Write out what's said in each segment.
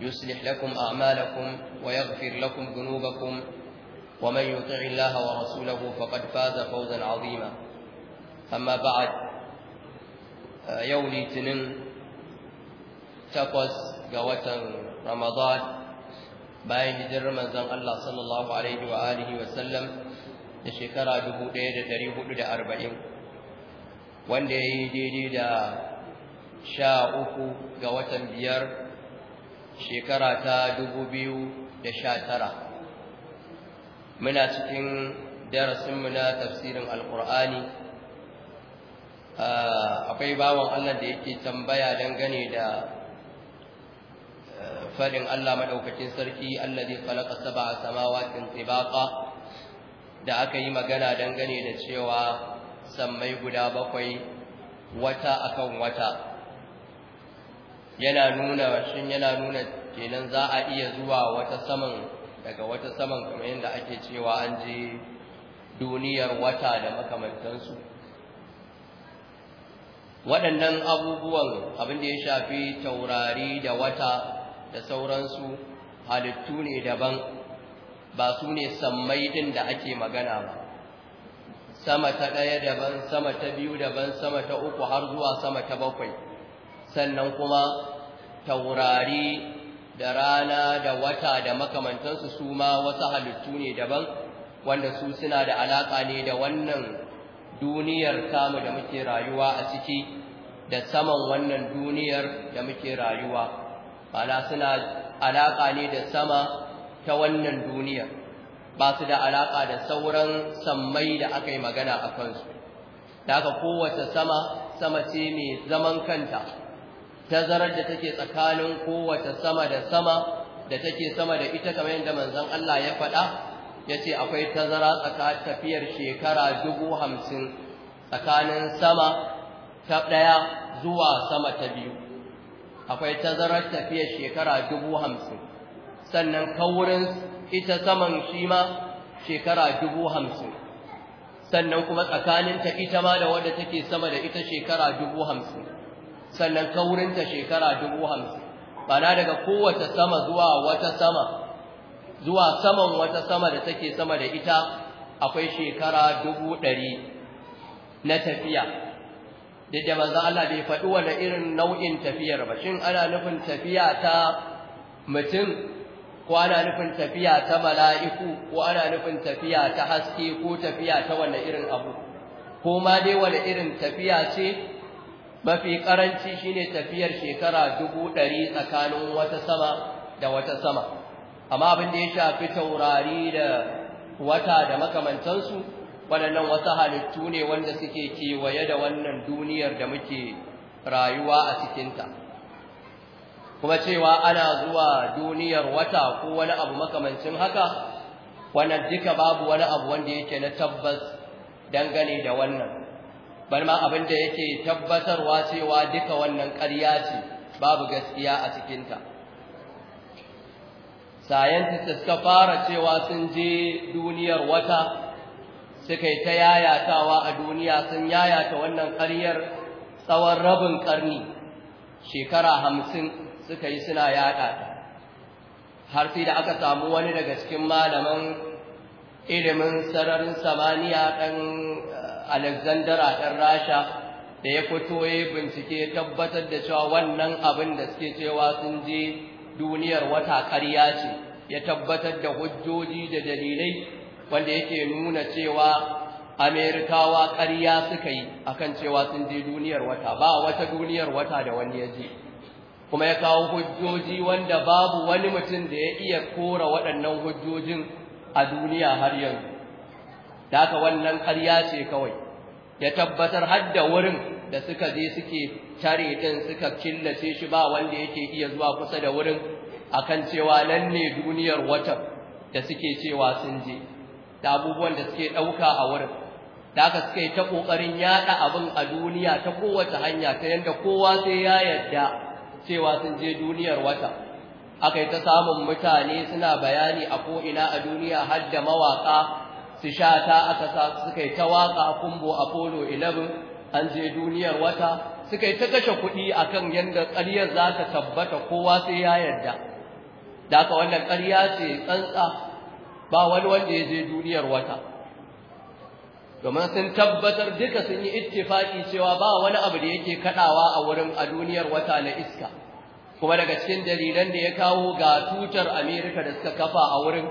يصلح لكم أعمالكم ويغفر لكم ذنوبكم ومن يطع الله ورسوله فقد فاز فوزا عظيما أما بعد يولي تنن تقص قوة رمضان باين جر رمضان الله صلى الله عليه وآله وسلم لشكرا دبو دير دريه دا أربعين وان دي دي دا شاء أكو قوة بيار shekara ta dubu biyu da sha tara. muna cikin darasinmu na tafsirin alkur'ani ah, akwai bawan allah da yake tambaya dangane da eh, fadin allah maɗaukacin sarki Allah zai khalaqa sab'a samawatin tibaqa da aka yi magana dangane da cewa sammai guda bakwai wata akan wata yana nuna shin yana nuna kenan za a iya zuwa wata saman daga wata saman kamar yadda ake cewa an je duniyar wata da makamantansu waɗannan abubuwan abin da ya shafi taurari da wata da sauransu halittu ne daban ba su ne sammai ɗin da ake magana ba sama ta ɗaya daban sama ta biyu daban sama ta uku har zuwa sama ta bakwai sannan kuma taurari da rana da wata da makamantansu su ma wasu halittu ne daban wanda su suna da alaƙa ne da wannan duniyar samu da muke rayuwa a ciki da saman wannan duniyar da muke rayuwa ana suna alaƙa ne da sama ta wannan duniyar ba su da alaƙa da sauran sammai da aka yi magana a kansu da aka kowace sama sama ce mai zaman kanta tazarar da take tsakanin kowace sama da sama da take sama da ita kamar yadda manzon Allah ya faɗa ya ce akwai tazara tsakanin tafiyar shekara dubu hamsin tsakanin sama ta ɗaya zuwa sama ta biyu akwai tazarar tafiyar shekara dubu hamsin sannan kaurin ita saman shi ma shekara dubu hamsin sannan kuma tsakaninta ita ma da wadda take sama da ita shekara dubu hamsin sannan kaurinta shekara dubu hamsin bana daga kowace sama zuwa wata sama zuwa saman wata sama da take sama da ita akwai shekara dubu ɗari na tafiya duk da manzan Allah bai faɗi wani irin nau'in tafiyar ba shin ana nufin tafiya ta mutum ko ana nufin tafiya ta mala'iku ko ana nufin tafiya ta haske ko tafiya ta wani irin abu ko ma dai wani irin tafiya ce mafi karanci ne tafiyar shekara dubu ɗari tsakanin wata sama da wata sama amma abin da ya shafi taurari da wata da makamantansu waɗannan wasu halittu ne wanda suke kewaye da wannan duniyar da muke rayuwa a cikinta kuma cewa ana zuwa duniyar wata ko wani abu makamancin haka wannan duka babu wani abu wanda yake na tabbas dangane da wannan bar ma abin da yake tabbatarwa cewa duka wannan ƙarya ce babu gaskiya a cikinta scientists suka fara cewa sun je duniyar wata suka yi ta yayatawa a duniya sun yayata wannan ƙaryar tsawon rabin ƙarni shekara hamsin suka yi suna yaɗa har sai da aka samu wani daga cikin malaman ilimin sararin samaniya ɗan a ɗan Rasha da ya fito ya bincike tabbatar da cewa wannan abin da suke cewa sun je duniyar wata ƙarya ce ya tabbatar da hujjoji da dalilai wanda yake nuna cewa Amerikawa ƙarya suka yi akan cewa sun je duniyar wata ba wata duniyar wata da wani ya je kuma ya kawo hujjoji wanda babu wani mutum da ya iya kora waɗannan hujjojin a duniya har yanzu da haka wannan ƙarya ce kawai ya tabbatar har da wurin da suka je suke tare din suka killace shi ba wanda yake iya zuwa kusa da wurin akan cewa nan ne duniyar wata da suke cewa sun je da abubuwan da suke dauka a wurin da aka suka ta kokarin yada abin a duniya ta kowace hanya ta yanda kowa sai ya yarda cewa sun je duniyar wata aka yi ta samun mutane suna bayani a ko'ina a duniya har da mawaƙa su shata aka sa suka yi ta waka a kumbo apollo 11 an je duniyar wata suka yi ta kashe kuɗi a kan yadda ƙaryar za ta tabbata kowa sai ya yarda da aka wannan ƙarya ce tsantsa ba wani wanda ya je duniyar wata domin sun tabbatar duka sun yi ittifaki cewa ba wani abu da yake kaɗawa a wurin a duniyar wata na iska kuma daga cikin dalilan da ya kawo ga tutar Amerika da suka kafa a wurin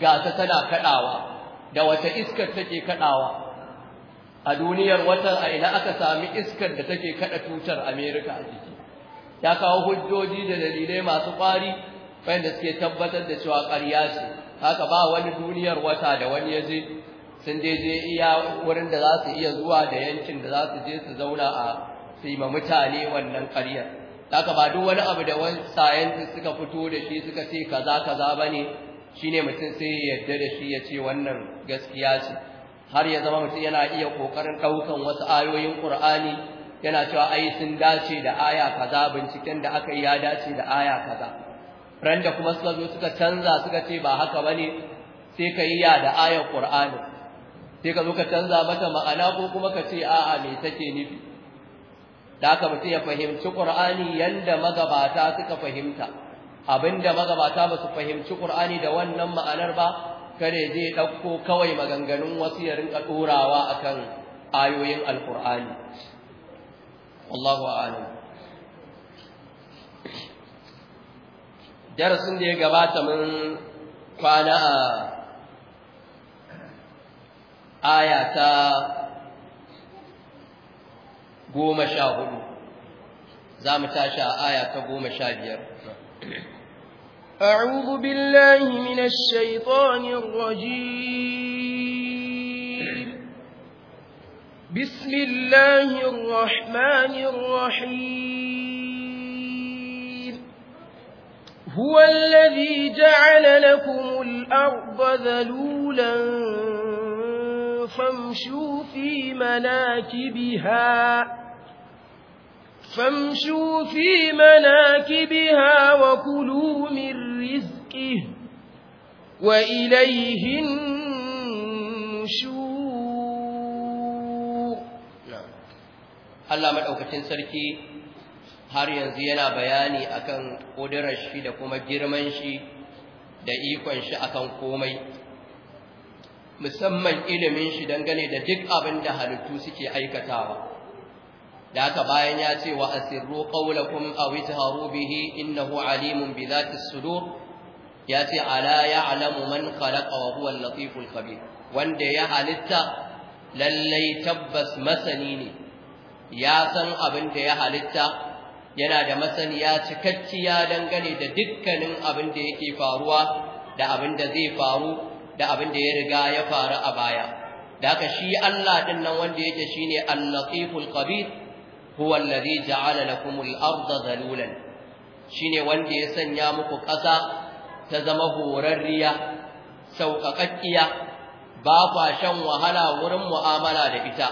ga ta tana kaɗawa. da wata iskar take kadawa a duniyar watan a ina aka sami iskar da take kada tutar Amerika a jiki ya kawo hujjoji da dalilai masu kwari wanda suke tabbatar da cewa ƙarya ce haka ba wani duniyar wata da wani ya je sun je je iya wurin da za su iya zuwa da yankin da za su je su zauna a su yi ma mutane wannan ƙaryar haka ba duk wani abu da wani scientist suka fito da shi suka ce kaza kaza bane shine mutum sai ya yarda da shi ya ce wannan gaskiya ce har ya zama mutum yana iya kokarin daukan wasu ayoyin Qur'ani yana cewa ai sun dace da aya kaza binciken da aka yi ya dace da aya kaza ran da kuma suka zo suka canza suka ce ba haka bane sai ka yi ya da ayar Qur'ani sai ka zo ka canza mata ma'ana ko kuma ka ce a'a me take nufi da aka mutum ya fahimci ƙur'ani yanda magabata suka fahimta abinda magabata ba su fahimci Qur'ani da wannan ma'anar ba kare zai ɗauko kawai maganganun wasu ya rinka ɗorawa akan ayoyin alƙur'ani a'lam darasin da ya gabata mun kwana a aya ta goma sha hudu za mu tashi a aya ta goma sha biyar أعوذ بالله من الشيطان الرجيم بسم الله الرحمن الرحيم هو الذي جعل لكم الأرض ذلولا فامشوا في مناكبها فامشوا في مناكبها وكلوا من رزقه وإليه النشور Allah maɗaukacin sarki har yanzu yana bayani akan ƙudurar da kuma girman shi da ikon shi akan komai musamman ilimin shi dangane da duk abin da halittu suke aikatawa da haka bayan ya ce wa asirru qawlakum aw itharu bihi innahu alimun bi dhati sudur ya ce ala ya'lamu man khalaqa wa huwa al-latiful khabir wanda ya halitta lallai tabbas masani ne ya san abin da ya halitta yana da masaniya cikakkiya dangane da dukkanin abin da yake faruwa da abin da zai faru da abin da ya riga ya faru a baya da haka shi Allah din nan wanda yake shine al-latiful khabir huwa alladhi ja'ala lakumul arda zalulan shine wanda ya sanya muku ƙasa ta zama horarriya sauƙaƙƙiya ba shan wahala wurin mu'amala da ita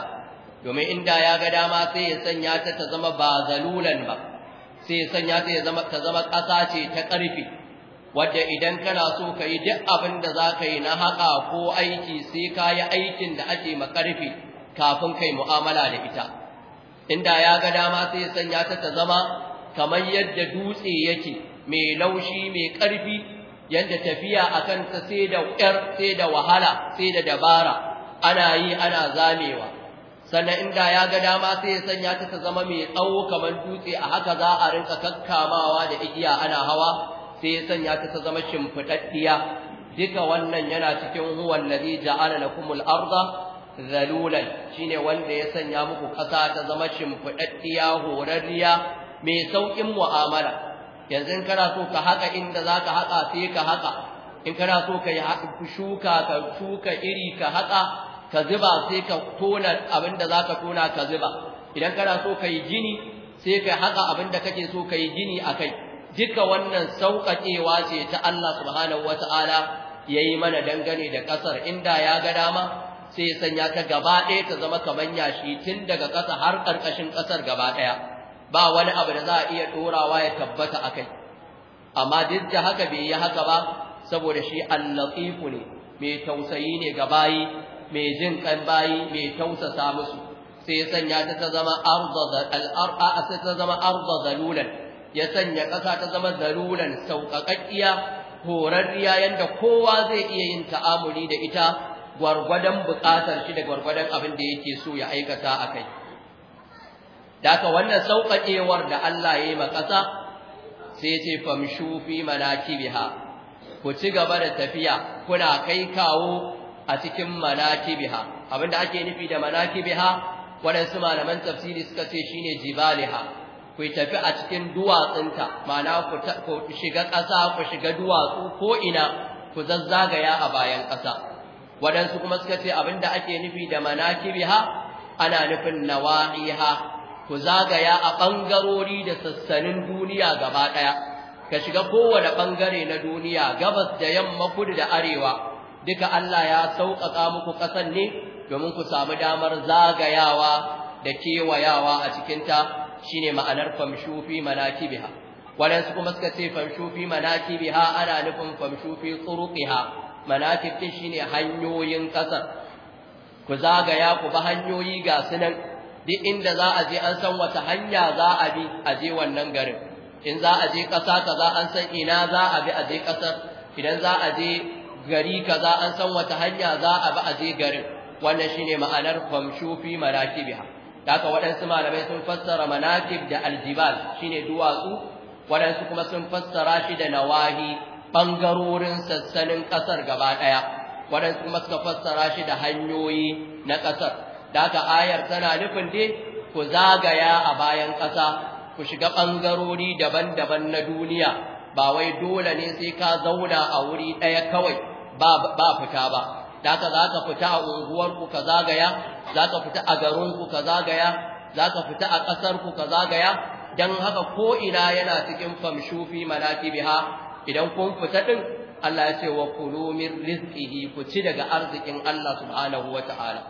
domin inda ya ga dama sai ya sanya ta ta zama ba zalulan ba sai ya sanya ta zama ta zama ƙasa ce ta ƙarfi wadda idan kana so ka yi duk abin da za ka yi na haƙa ko aiki sai ka yi aikin da ake makarfi kafin kai mu'amala da ita inda ya ga dama sai sanya ta ta zama kamar yadda dutse yake mai laushi mai ƙarfi yadda tafiya a kanta sai da ƙyar sai da wahala sai da dabara ana yi ana zamewa sannan inda ya ga dama sai sanya ta ta zama mai tsawo kamar dutse a haka za a rinka kakkamawa da igiya ana hawa sai sanya ta ta zama shimfiɗaɗɗiya duka wannan yana cikin huwan ladhi ja'ala lakumul arda zalulan shine wanda ya sanya muku kasa ta zama shimfidaddiya horarriya mai saukin mu'amala yanzu kana so ka haka inda zaka haka sai ka haka in kana so ka yi shuka ka shuka iri ka haka ka zuba sai ka tona abinda zaka tona ka zuba idan kana so ka yi gini sai ka haka abinda kake so ka yi gini akai duka wannan sauƙaƙewa ce ta Allah subhanahu wataala yayi mana dangane da ƙasar inda ya ga dama sai ya sanya ta gaba ɗaya ta zama kamar yashi tun daga ƙasa har ƙarƙashin ƙasar gaba ɗaya ba wani abu da za a iya ɗorawa ya tabbata a kai amma duk da haka bai yi haka ba saboda shi allatifu ne mai tausayi ne ga bayi mai jin kan bayi mai tausasa musu sai ya sanya ta ta zama arda ta zama ya sanya ƙasa ta zama zalulan sauƙaƙaƙƙiya horarriya yadda kowa zai iya yin ta'amuli da ita gwargwadon buƙatar shi da gwargwadon abin da yake so ya aikata a kai daka wannan sauƙaƙewar da Allah ya yi ma ƙasa sai ce famshu fi manakibiha ku ci gaba da tafiya kuna kai kawo a cikin manakibiha abin da ake nufi da manakibiha waɗansu malaman tafsiri suka ce shi shine jibaliha ku tafi a cikin duwatsunta mana ku shiga ƙasa ku shiga duwatsu ko ina ku zazzagaya a bayan ƙasa waɗansu kuma suka ce abinda ake nufi da manakibiha ana nufin nawahiha ku zagaya a ɓangarori da sassanin duniya gaba ɗaya ka shiga kowane ɓangare na duniya gabas da yamma kudu da arewa duka Allah ya sauƙaƙa muku ƙasan ne domin ku samu damar zagayawa da kewayawa a cikinta shine ma'anar famshufi manakibiha waɗansu kuma suka ce famshufi manakibiha ana nufin famshufi tsuruqiha manakib shi ne hanyoyin kasar ku zagaya ku ba hanyoyi ga sunan duk inda za a je an san wata hanya za a bi a je wannan garin in za a je ƙasa za an san ina za a bi a je ƙasar idan za a je gari ka za an san wata hanya za a bi a je garin wannan shi ne ma'anar famshu fi manakibiha haka waɗansu malamai sun fassara manakib da aljibal shine duwatsu waɗansu kuma sun fassara shi da nawahi ɓangarorin sassanin ƙasar gaba ɗaya waɗansu kuma suka fassara shi da hanyoyi na ƙasar da ayar tana nufin dai ku zagaya a bayan ƙasa ku shiga ɓangarori daban-daban na duniya ba wai dole ne sai ka zauna a wuri ɗaya kawai ba fita ba da za ka fita a unguwarku ka zagaya za ka fita a garinku ka zagaya za ka fita a ƙasarku ka zagaya don haka ko'ina yana cikin famshufi manafi biha idan kun fita din Allah ya ce wa kulu rizqihi ku ci daga arzikin Allah subhanahu wataala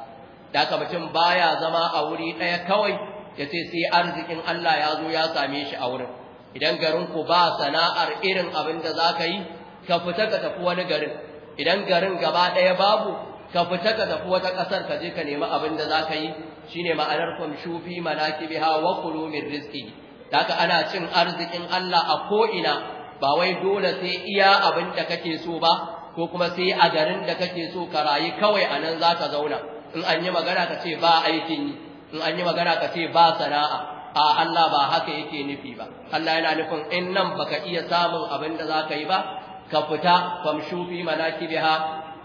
da ka mutum baya zama a wuri daya kawai ya ce sai arzikin Allah ya zo ya same shi a wurin idan garin ku ba sana'ar irin abin da zaka yi ka fita ka tafi wani garin idan garin gaba daya babu ka fita ka tafi wata kasar ka je ka nemi abin da zaka yi shine ma'anar kum shufi manakibiha wa kulu min rizqihi da haka ana cin arzikin Allah a ko ina ba wai dole sai iya abin da kake so ba ko kuma sai a garin da kake so ka rayu kawai a nan za ka zauna in an yi magana ka ce ba aikin yi in an yi magana ka ce ba sana'a a Allah ba haka yake nufi ba Allah yana nufin in nan baka iya samun abin da za ka yi ba ka fita famshu fi biha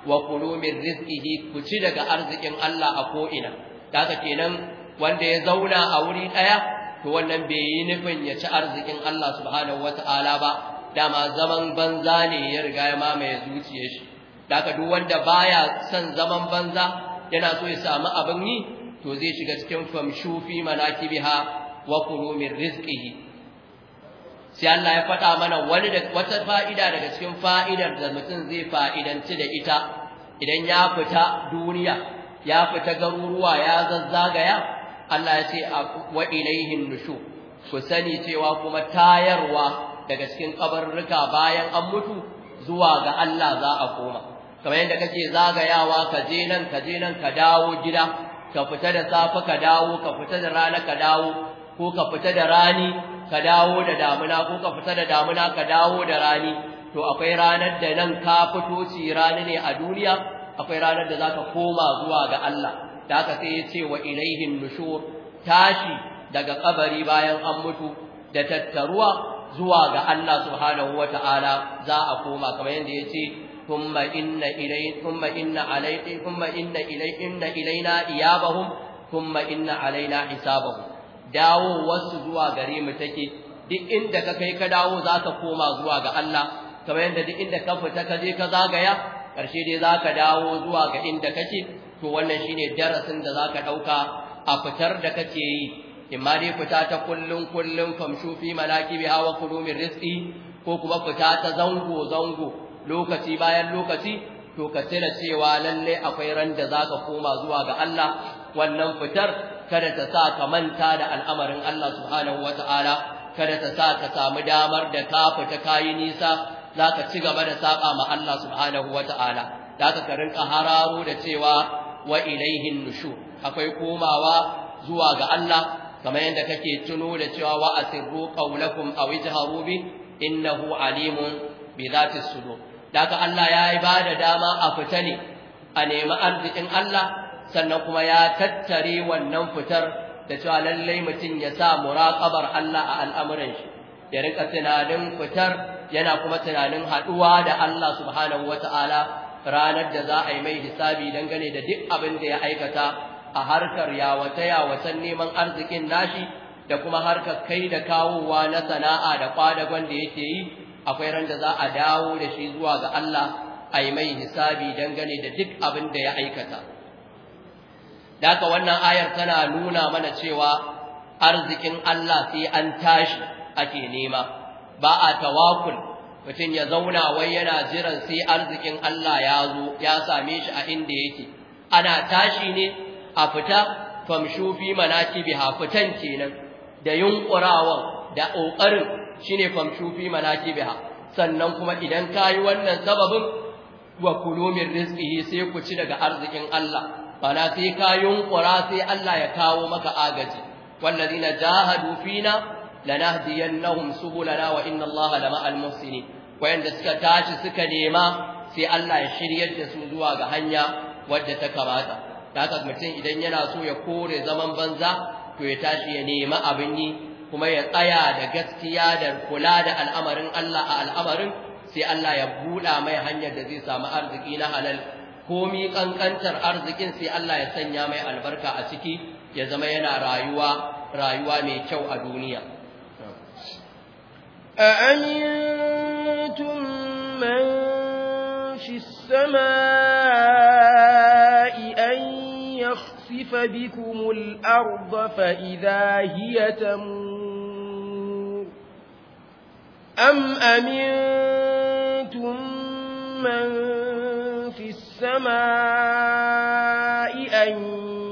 wa kulu min rizqihi ku ci daga arzikin Allah a ko'ina daga kenan wanda ya zauna a wuri daya to wannan bai yi nufin ya ci arzikin Allah subhanahu wata'ala ba dama zaman banza ne ya riga ya mamaye zuciyar shi daga duk wanda baya son zaman banza yana so ya samu abin yi to zai shiga cikin famshu fi manakibiha wa kulu min rizqihi sai Allah ya faɗa mana wani da wata fa'ida daga cikin fa'idar da mutum zai fa'idanci da ita idan ya fita duniya ya fita garuruwa ya zazzagaya Allah ya ce wa ilaihin nushu ku sani cewa kuma tayarwa daga cikin kabarruka bayan an mutu zuwa ga Allah za a koma kamar yadda kake zagayawa ka je nan ka je nan ka dawo gida ka fita da safe ka dawo ka fita da rana ka dawo ko ka fita da rani ka dawo da damuna ko ka fita da damuna ka dawo da rani to akwai ranar da nan ka fito ci rani ne a duniya akwai ranar da za ka koma zuwa ga Allah da haka sai ya ce wa ilaihin nushur tashi daga kabari bayan an mutu da tattaruwa zuwa ga Allah subhanahu za a koma kamar yadda yace thumma inna ilay thumma inna alayhi thumma inna ilay inna ilayna iyabahum thumma inna dawo wasu zuwa gare mu take duk inda ka kai ka dawo za ka koma zuwa ga Allah kamar yadda duk inda ka fita ka je ka zagaya karshe dai za ka dawo zuwa ga inda kake to wannan shine darasin da za ka ɗauka a fitar da kake yi imma dai fita ta kullum kullun famshu fi bi wa kullu min rizqi ko kuma fita ta zango zango lokaci bayan lokaci to ka tsira cewa lalle akwai ran da zaka koma zuwa ga Allah wannan fitar kada ta sa ka manta da al'amarin Allah subhanahu wata'ala kada ta sa ka samu damar da ka fita kayi nisa zaka ci gaba da saba ma Allah subhanahu wata'ala zaka ka rinka hararo da cewa wa ilaihin nushu akwai komawa zuwa ga Allah kamar yadda kake tuno da cewa wa asirru qawlakum aw ijharu bi innahu alimun bi dhati sudur daga Allah ya yi bada dama a fita ne a nemi arzikin Allah sannan kuma ya tattare wannan fitar da cewa lallai mutum ya sa muraqabar Allah a al'amuran shi ya rika tunanin fitar yana kuma tunanin haɗuwa da Allah subhanahu wata'ala ranar da za a yi mai hisabi dangane da duk abin da ya aikata a harkar yawata-yawatan neman arzikin nashi da kuma harkar kai da kawowa na sana'a da kwadagon da yake yi akwai ran da za a dawo da shi zuwa ga Allah a yi mai hisabi dangane da duk abin da ya aikata. Daka wannan ayar tana nuna mana cewa arzikin Allah sai an tashi ake nema, ba a tawakul mutum ya zauna wai yana jiran sai arzikin Allah ya zo ya same shi a inda yake, ana tashi ne a fita famshu fi manakibiha fitan kenan da yunkurawan da ƙoƙarin shine famshu fi manakibiha sannan kuma idan kayi wannan sababin wa kulu sai ku ci daga arzikin Allah bana sai ka yunkura sai Allah ya kawo maka agaji na? jahadu fina lanahdiyannahum subulana wa inna Allaha lama'al muhsinin wayanda suka tashi suka nema sai Allah ya shiryar da su zuwa ga hanya wadda ta kamata haka mutum idan yana so ya kore zaman banza to ya tashi ya nemi abin yi kuma ya tsaya da gaskiya da kula da al'amarin Allah a al'amarin sai Allah ya buɗa mai hanyar da zai samu arziki na halal komi kankantar arzikin sai Allah ya sanya mai albarka a ciki ya zama yana rayuwa rayuwa mai kyau a duniya أأمنتم من في السماء يخسف بكم الأرض فإذا هي تمور أم أمنتم من في السماء أن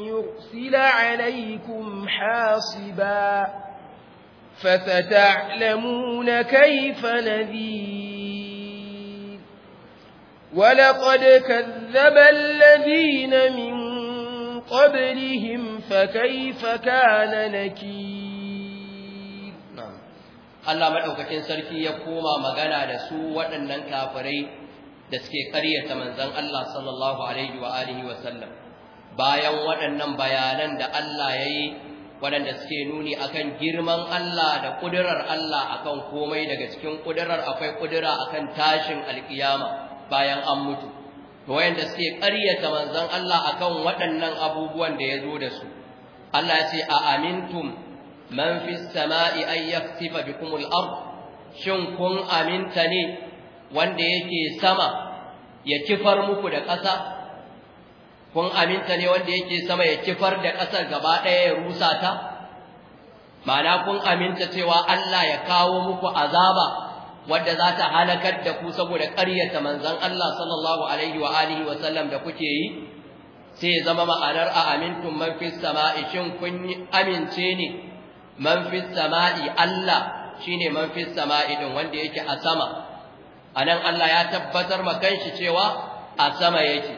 يرسل عليكم حاصبا فستعلمون كيف نذير ولقد كذب الذين من قبلهم فكيف كان نكير الله مدوكاكين سركي ya koma magana da su waɗannan kafirai da suke ƙaryata manzon Allah sallallahu alaihi wa alihi wa sallam bayan waɗannan bayanan da Allah yayi waɗanda suke nuni akan girman Allah da kudirar Allah akan komai daga cikin kudirar akwai kudira akan tashin alkiyama bayan an mutu wayanda suke ƙaryata manzon Allah akan waɗannan abubuwan da ya zo da su Allah ya ce a amintum man fis sama'i ay yaktifa bikum al-ard shin kun aminta ne wanda yake sama ya kifar muku da ƙasa kun aminta ne wanda yake sama ya kifar da ƙasar gaba ɗaya ya rusa ta ma'ana kun aminta cewa Allah ya kawo muku azaba wadda za ta halakar da ku saboda ƙaryata manzan Allah sallallahu alaihi wa alihi wa da kuke yi sai ya zama ma'anar a amintun man fis sama'i shin kun yi amince ne man fis sama'i Allah shine man fis sama'i din wanda yake a sama A nan Allah ya tabbatar ma kanshi cewa a sama yake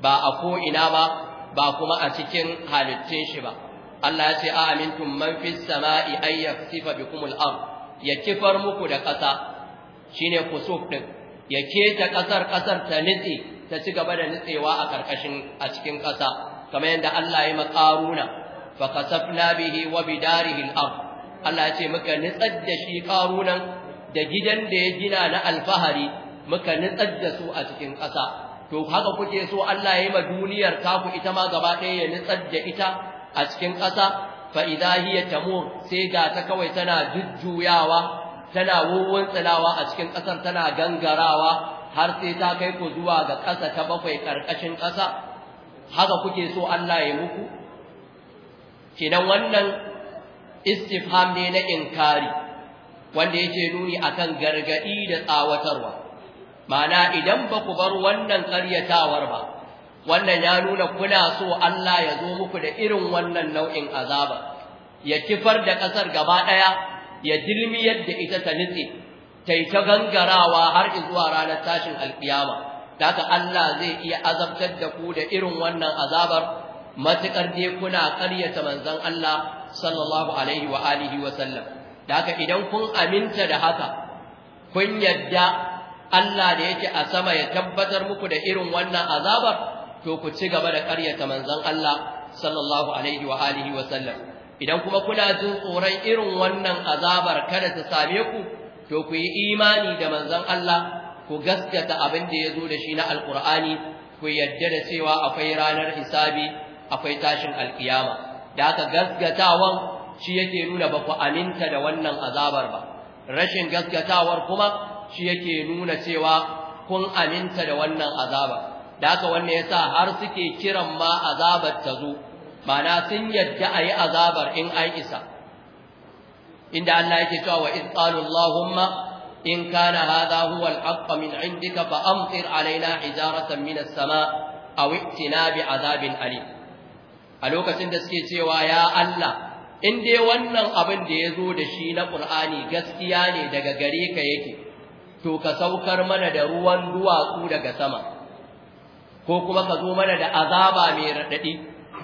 ba a ko'ina ba ba kuma a cikin halittun shi ba Allah ya ce a amintun man fis ayyaf sifa bi kumul ardh ya kifar muku da ƙasa shi shine kusuf ɗin. ya keta ƙasar ƙasar ta nitse ta ci gaba da nitsewa a ƙarƙashin a cikin ƙasa kamar yadda Allah ya makaruna fa kasafna bihi wa bidarihi al-ard Allah ya ce muka nitsar da shi ƙarunan da gidan da ya gina na alfahari muka nitsar da su a cikin ƙasa to haka kuke so Allah ya yi ma duniyar taku ita ma gaba ɗaya ya nitsar da ita a cikin ƙasa fa idha hiya tamur sai ga ta kawai tana jujjuyawa tana tsinawa a cikin ƙasar tana gangarawa har sai ta kai ku zuwa ga ƙasa ta bakwai ƙarƙashin ƙasa haka kuke so Allah ya muku kidan wannan istifham ne na inkari wanda yake nuni akan gargaɗi da tsawatarwa ma'ana idan ba ku bar wannan ƙaryatawar ba wannan ya nuna kuna so Allah ya zo muku da irin wannan nau'in azaba ya kifar da ƙasar gaba ɗaya ya dilmi yadda ita ta nitse ta yi ta gangarawa har zuwa ranar tashin alkiyama da haka Allah zai iya azabtar da ku da irin wannan azabar matuƙar dai kuna karyata manzon Allah sallallahu alaihi wa alihi wa sallam da haka idan kun aminta da haka kun yadda Allah da yake a sama ya tabbatar muku da irin wannan azabar to ku ci gaba da ƙaryata manzon Allah sallallahu alaihi wa alihi wa sallam idan kuma kuna jin tsoron irin wannan azabar kada ta same ku to ku yi imani da manzon Allah ku gaskata abin da ya zo da shi na alkur'ani ku yadda da cewa akwai ranar hisabi akwai tashin alkiyama da aka gaskatawan shi yake nuna ba ku aminta da wannan azabar ba rashin gaskatawar kuma shi yake nuna cewa kun aminta da wannan azabar. da haka wannan yasa har suke kiran ma azabar ta zo mana sun yadda ayi azabar in an isa inda Allah yake cewa wa in qala allahumma in kana hadha huwa al-haqq min indika fa amtir alaina hijaratan min as-sama' aw itina bi azabin alim a lokacin da suke cewa ya Allah in dai wannan abin da ya zo da shi na Qur'ani gaskiya ne daga gare ka yake to ka saukar mana da ruwan duwatsu daga sama ko kuma ka zo mana da azaba mai raɗaɗi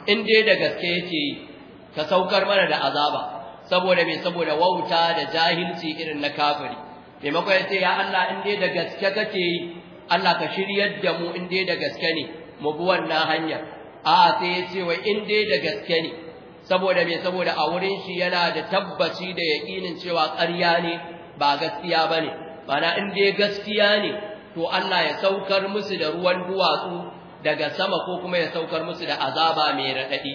in dai da gaske yake ka saukar mana da azaba saboda me saboda wauta da jahilci irin na kafiri maimakon ya ce ya Allah in dai da gaske kake Allah ka shiryar da mu in dai da gaske ne mu bi wannan hanya a sai ya ce wai in dai da gaske ne saboda me saboda a wurin shi yana da tabbaci da yaƙinin cewa ƙarya ne ba gaskiya bane mana in dai gaskiya ne to Allah ya saukar musu da ruwan duwatsu daga sama ko kuma ya saukar musu da azaba mai raɗaɗi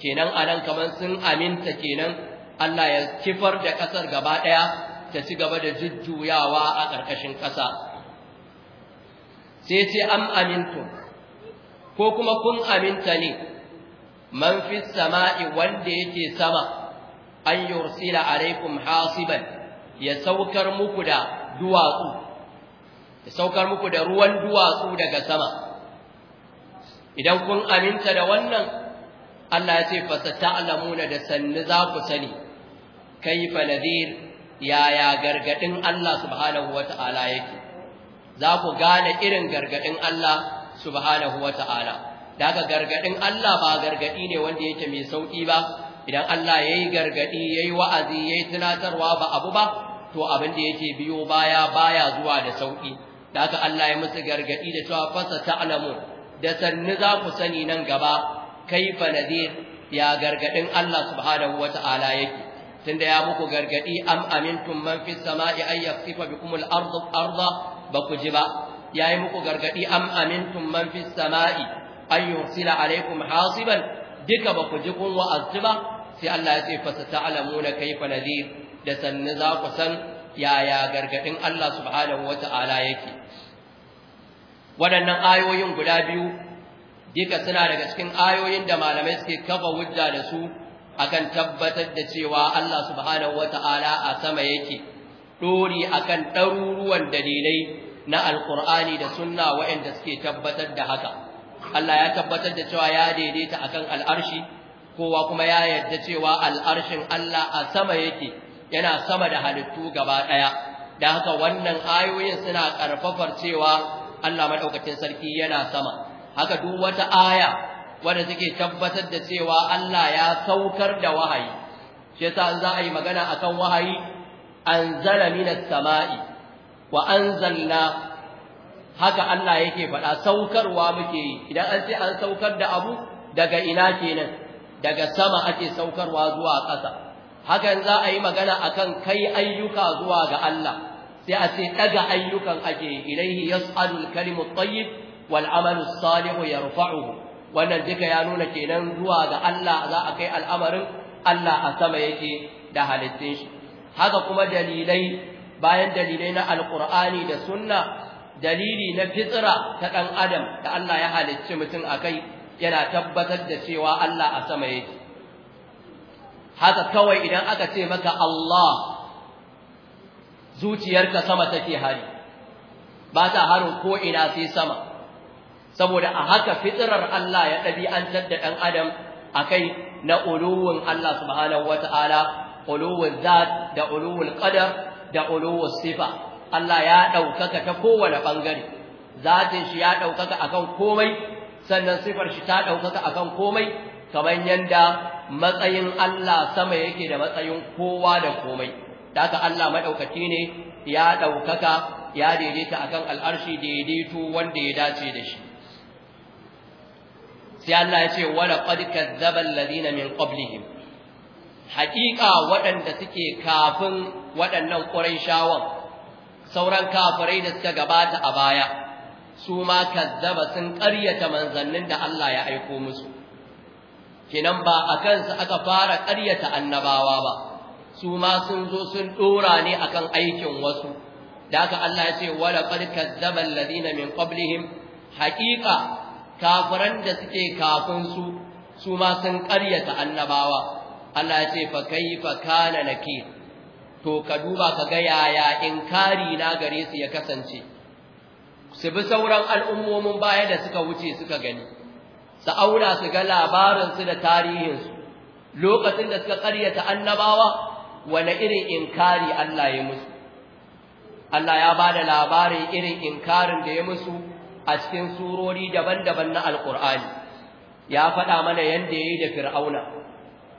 kenan anan kamar sun aminta kenan Allah ya kifar da ƙasar gaba ɗaya ta ci gaba da jujjuyawa a ƙarƙashin ƙasa sai ce am amintu ko kuma kun aminta ne man fi sama'i wanda yake sama an yursila alaikum hasiban ya saukar muku da duwatsu ya saukar muku da ruwan duwatsu daga sama idan kun aminta da wannan Allah ya ce fasata'lamuna da sanni za ku sani kaifa nadhir yaya gargadin Allah subhanahu wata'ala yake za ku gane irin gargadin Allah subhanahu wata'ala daga gargadin Allah ba gargadi ne wanda yake mai sauki ba idan Allah yayi gargadi yayi wa'azi yayi tunatarwa ba abu ba to abin da yake biyo baya baya zuwa da sauki da aka Allah ya musu gargadi da cewa fasa ta'lamu da sannu za ku sani nan gaba kaifa nadir ya gargadin Allah subhanahu wata'ala yake tunda ya muku gargadi am amintum man fis sama'i ay yakhsifa bikum al-ard arda ba ku ji ba yayi muku gargadi am amintum man fis sama'i ay yursila alaykum hasiban duka ba ku ji kun wa'azzi ba sai Allah ya ce fasa ta'lamuna kaifa nadir da sannu za ku san yaya gargadin Allah subhanahu wata'ala yake waɗannan ayoyin guda biyu duka suna daga cikin ayoyin da malamai suke kafa hujja da su akan tabbatar da cewa Allah subhanahu wata'ala a sama yake dori akan ɗaruruwan dalilai na alkur'ani da sunna waɗanda suke tabbatar da haka Allah ya tabbatar da cewa ya daidaita akan al'arshi kowa kuma ya yarda cewa al'arshin Allah a sama yake yana sama da halittu gaba ɗaya da haka wannan ayoyin suna ƙarfafar cewa Allah madaukakin sarki yana sama haka duk wata aya wanda take tabbatar da cewa Allah ya saukar da wahayi shi yasa an za a yi magana akan wahayi anzala minas sama'i wa anzalna haka Allah yake faɗa saukarwa muke yi idan an ce an saukar da abu daga ina kenan daga sama ake saukarwa zuwa ƙasa hakan za a yi magana akan kai ayyuka zuwa ga Allah sai a ɗaga daga ayyukan ake ilaihi yas'alul kalimut tayyib wal amalu salihu rufa'u wannan duka ya nuna kenan zuwa ga Allah za a kai al'amarin Allah a sama yake da halittun shi haka kuma dalilai bayan dalilai na Alƙur'ani da sunna dalili na fitsira ta ɗan adam da Allah ya halicci mutum akai yana tabbatar da cewa Allah a sama yake haka kawai idan aka ce maka Allah zuciyarka sama take hari ba ta harin ko ina sai sama saboda a haka fitrar Allah ya ɗabi'antar da ɗan adam akai na uluwun Allah subhanahu wata'ala uluwul zat da uluwul qadar da uluwin sifa Allah ya ɗaukaka ta kowane ɓangare zatin shi ya ɗaukaka akan komai sannan sifar shi ta ɗaukaka akan komai kamar yadda matsayin Allah sama yake da matsayin kowa da komai da Allah madaukaki ne ya daukaka ya daidaita akan al'arshi daidaito wanda ya dace da shi sai Allah ya ce wala qad kadzdzaba alladhina min qablihim haqiqa waɗanda suke kafin waɗannan quraishawan sauran kafirai da suka gabata a baya su ma kadzdzaba sun ƙaryata manzannin da Allah ya aiko musu kinan ba akan su aka fara ƙaryata annabawa ba su ma sun zo sun dora ne akan aikin wasu da haka Allah ya ce wala qad kadzdzaba alladhina min qablihim haqiqa kafiran da suke kafin su su ma sun ƙaryata annabawa Allah ya ce fa kaifa kana laki to ka duba ka ga yaya inkari na gare su ya kasance su bi sauran al'ummomin baya da suka wuce suka gani su aura su ga labarin su da tarihinsu lokacin da suka ƙaryata annabawa wane irin inkari Allah ya musu Allah ya ba da labarin irin inkarin da ya musu a cikin surori daban-daban na Alƙur'ani? ya faɗa mana yadda ya yi da fir'auna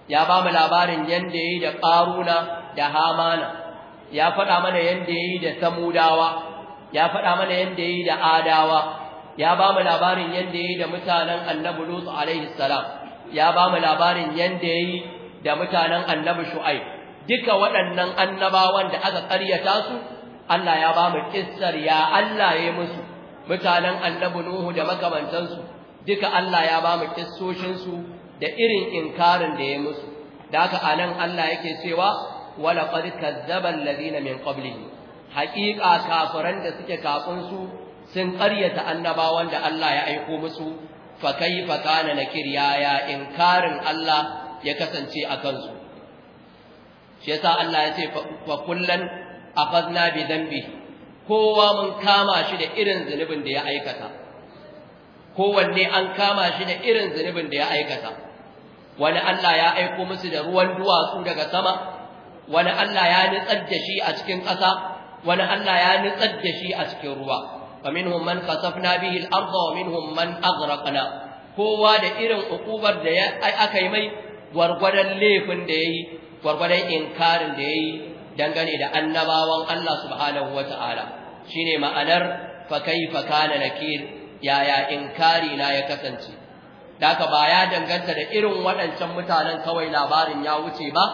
ya ba mu labarin yadda ya yi da ƙaruna da hamana ya faɗa mana yadda ya yi da samudawa ya faɗa mana yadda ya yi da adawa ya ba mu labarin yadda ya yi da mutanen annabi lutsu alaihi salam ya ba mu labarin yadda ya yi da mutanen annabi shu'aib duka waɗannan annabawan da aka ƙaryata su Allah ya ba mu kissar ya Allah ya musu mutanen annabi Nuhu da makamantansu duka Allah ya ba mu kissoshin su da irin inkarin da ya musu da haka anan Allah yake cewa wala qad kazzaba alladhina min qablihi haƙiƙa kafiran da suke kafin su sun ƙaryata annabawan da Allah ya aiko musu fa kaifa kana nakir ya inkarin Allah ya kasance a kansu shi yasa Allah ya ce fa kullan akhadna bi dhanbi kowa mun kama shi da irin zunubin da ya aikata kowanne an kama shi da irin zunubin da ya aikata wani Allah ya aiko musu da ruwan duwatsu daga sama wani Allah ya nitsar da shi a cikin ƙasa wani Allah ya nitsar da shi a cikin ruwa فمنهم من خسفنا به الأرض ومنهم من أغرقنا kowa da irin ukubar da aka yi mai gwargwadon laifin da ya yi gwargwadon inkarin da ya yi dangane da annabawan Allah subhanahu wa wata'ala shine ma'anar fa kaifa kana nakir yaya inkari na ya kasance daka ba ya danganta da irin waɗancan mutanen kawai labarin ya wuce ba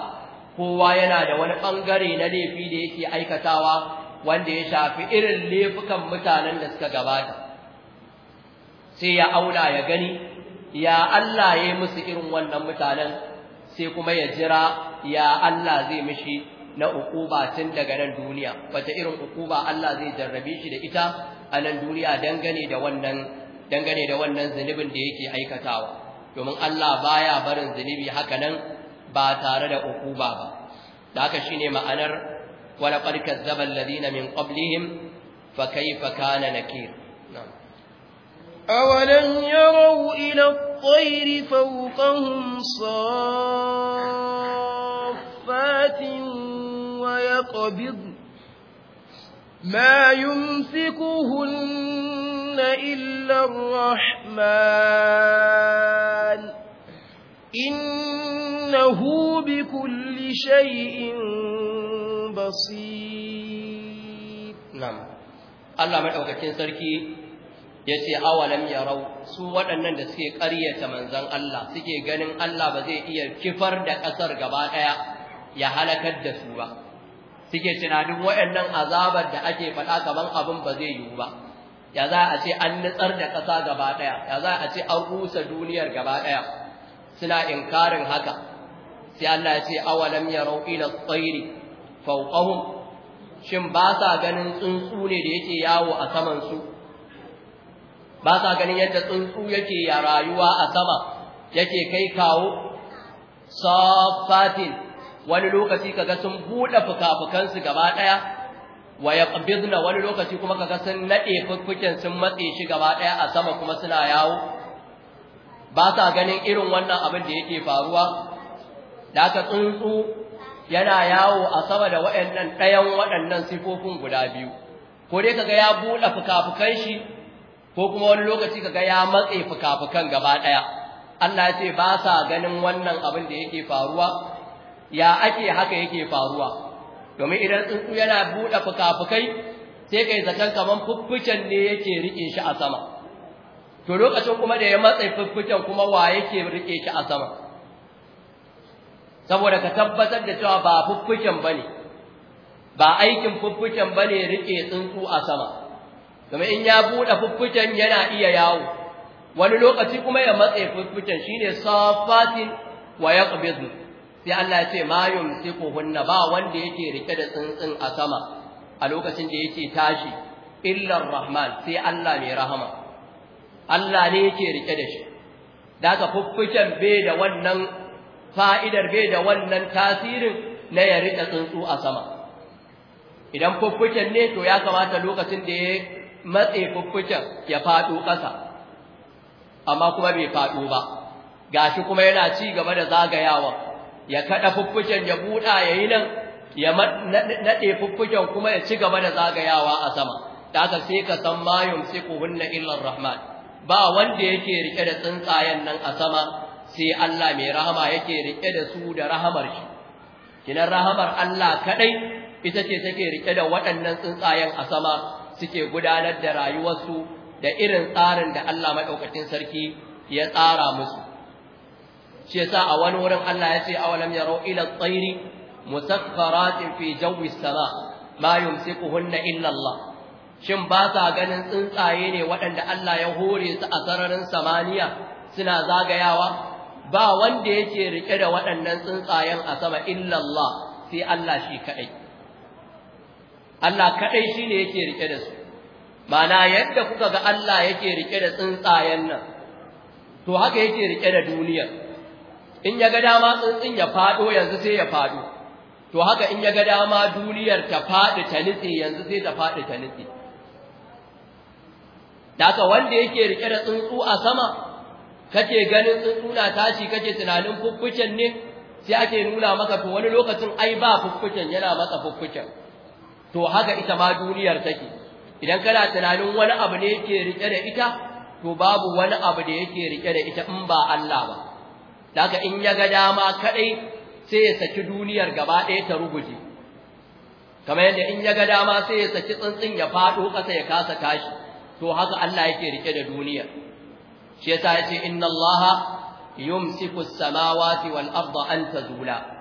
kowa yana da wani ɓangare na laifi da yake aikatawa wanda ya shafi irin laifukan mutanen da suka gabata sai ya auna ya gani ya Allah ya yi musu irin wannan mutanen sai kuma ya jira ya Allah zai mishi na ukuba tun daga nan duniya wata irin ukuba Allah zai jarrabe shi da ita a nan duniya dangane da wannan dangane da wannan zunubin da yake aikatawa domin Allah baya barin zunubi haka nan ba tare da ukuba ba da haka shine ma'anar wala qad kazzaba alladhina min qablihim fa kayfa kana nakir أولم يروا إلى الطير فوقهم صافات ويقبض ما يمسكهن إلا الرحمن إنه بكل شيء بصير نعم الله مدعوكتين سركي ya ce awalam ya rau su waɗannan da suke ƙaryata manzan Allah suke ganin Allah ba zai iya kifar da ƙasar gaba ɗaya ya halakar da su ba suke tunanin waɗannan azabar da ake faɗa kaban abin ba zai yiwu ba ya za a ce an nutsar da ƙasa gaba ɗaya ya za a ce an rusa duniyar gaba ɗaya suna inkarin haka sai Allah ya ce awalam ya rau ila tsairi fawqahum shin ba sa ganin tsuntsu ne da yake yawo a saman su ba sa ganin yadda tsuntsu yake ya rayuwa a sama yake kai kawo safatin wani lokaci kaga sun buɗe fukafukan su gaba ɗaya wa yaqbidna wani lokaci kuma kaga sun nade fuffuken sun matse shi gaba ɗaya a sama kuma suna yawo ba sa ganin irin wannan abin da yake faruwa da ka tsuntsu yana yawo a sama da waɗannan ɗayan waɗannan sifofin guda biyu ko dai kaga ya buɗe fukafukan shi ko kuma wani lokaci ka ga ya matse fukafukan gaba ɗaya Allah ya ce ba sa ganin wannan abin da yake faruwa ya ake haka yake faruwa domin idan tsuntsu yana buɗe fukafukai sai kai zaton kaman fuffucen ne yake riƙe shi a sama to lokacin kuma da ya matse fuffucen kuma wa yake riƙe shi a sama saboda ka tabbatar da cewa ba ba ne, ba aikin ba ne riƙe tsuntsu a sama kuma in ya buɗe fuffucen yana iya yawo wani lokaci kuma ya matse fuffucen shine safatin wa yaqbidu sai Allah ya ce ma yumsikuhunna ba wanda yake rike da tsuntsun a sama a lokacin da yake tashi illa rahman sai Allah mai rahama Allah ne yake rike da shi daga fuffucen bai da wannan fa'idar bai da wannan tasirin na ya rike tsuntsu a sama idan fuffucen ne to ya kamata lokacin da ya matse fuffuken ya faɗo ƙasa amma kuma bai faɗo ba gashi kuma yana ci gaba da zagayawa ya kada fuffuken ya buɗa yi nan ya naɗe fuffuken kuma ya ci gaba da zagayawa a sama da ka sai ka san ku hunna illar rahman ba wanda yake riƙe da tsuntsayen nan a sama sai Allah mai rahama yake riƙe da su da rahamar shi kinan rahamar Allah kaɗai, ita ce take riƙe da waɗannan tsuntsayen a sama suke gudanar da rayuwarsu da irin tsarin da Allah maɗaukacin sarki ya tsara musu shi yasa a wani wurin Allah ya ce awalam yarau ila tsairi musaffaratin fi jawi sama ma ku illa Allah shin ba sa ganin tsuntsaye ne waɗanda Allah ya hore su a sararin samaniya suna zagayawa ba wanda yake rike da waɗannan tsuntsayen a sama illa sai Allah shi kaɗai Allah kaɗai shi ne yake riƙe da su mana yadda kuka ga Allah yake riƙe da tsuntsayen nan to haka yake riƙe da duniyar in ya ga dama tsuntsun ya faɗo, yanzu sai ya faɗo. to haka in ya ga dama duniyar ta faɗi ta nitse yanzu sai ta faɗi ta nitse da wanda yake riƙe da tsuntsu a sama kake ganin tsuntsu na tashi kake tunanin fuffucen ne sai ake nuna maka to wani lokacin ai ba fuffucen yana matsa fuffucen to haka ita ma duniyar take idan kana tunanin wani abu ne yake rike da ita to babu wani abu da yake rike da ita in ba Allah ba daga in ya ga dama kadai sai ya saki duniyar gaba ɗaya ta ruguje kamar yadda in ya ga dama sai ya saki tsintsin ya faɗo ƙasa ya kasa tashi to haka Allah yake rike da duniyar shi yasa yace inna Allah yumsiku as-samawati wal arda an tazula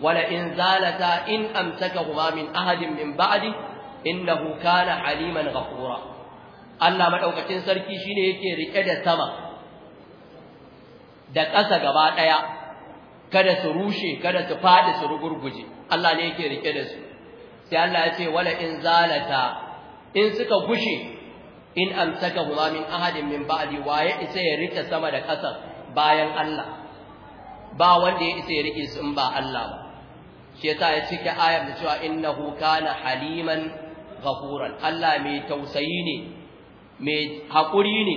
wala in zalata in amsakahuma min ahadin min ba'di innahu kana aliman ghafura Allah madaukakin sarki shine yake rike da sama da ƙasa gaba ɗaya kada su rushe kada su fadi su rugurguje Allah ne yake rike da su sai Allah ya ce wala in zalata in suka gushe in amsaka huma min ahadin min ba'di waye isa ya rike sama da ƙasa bayan Allah ba wanda ya isa ya rike su in ba Allah ba ke ta ya cike ayar da cewa innahu kana haliman ghafuran Allah mai tausayi ne mai hakuri ne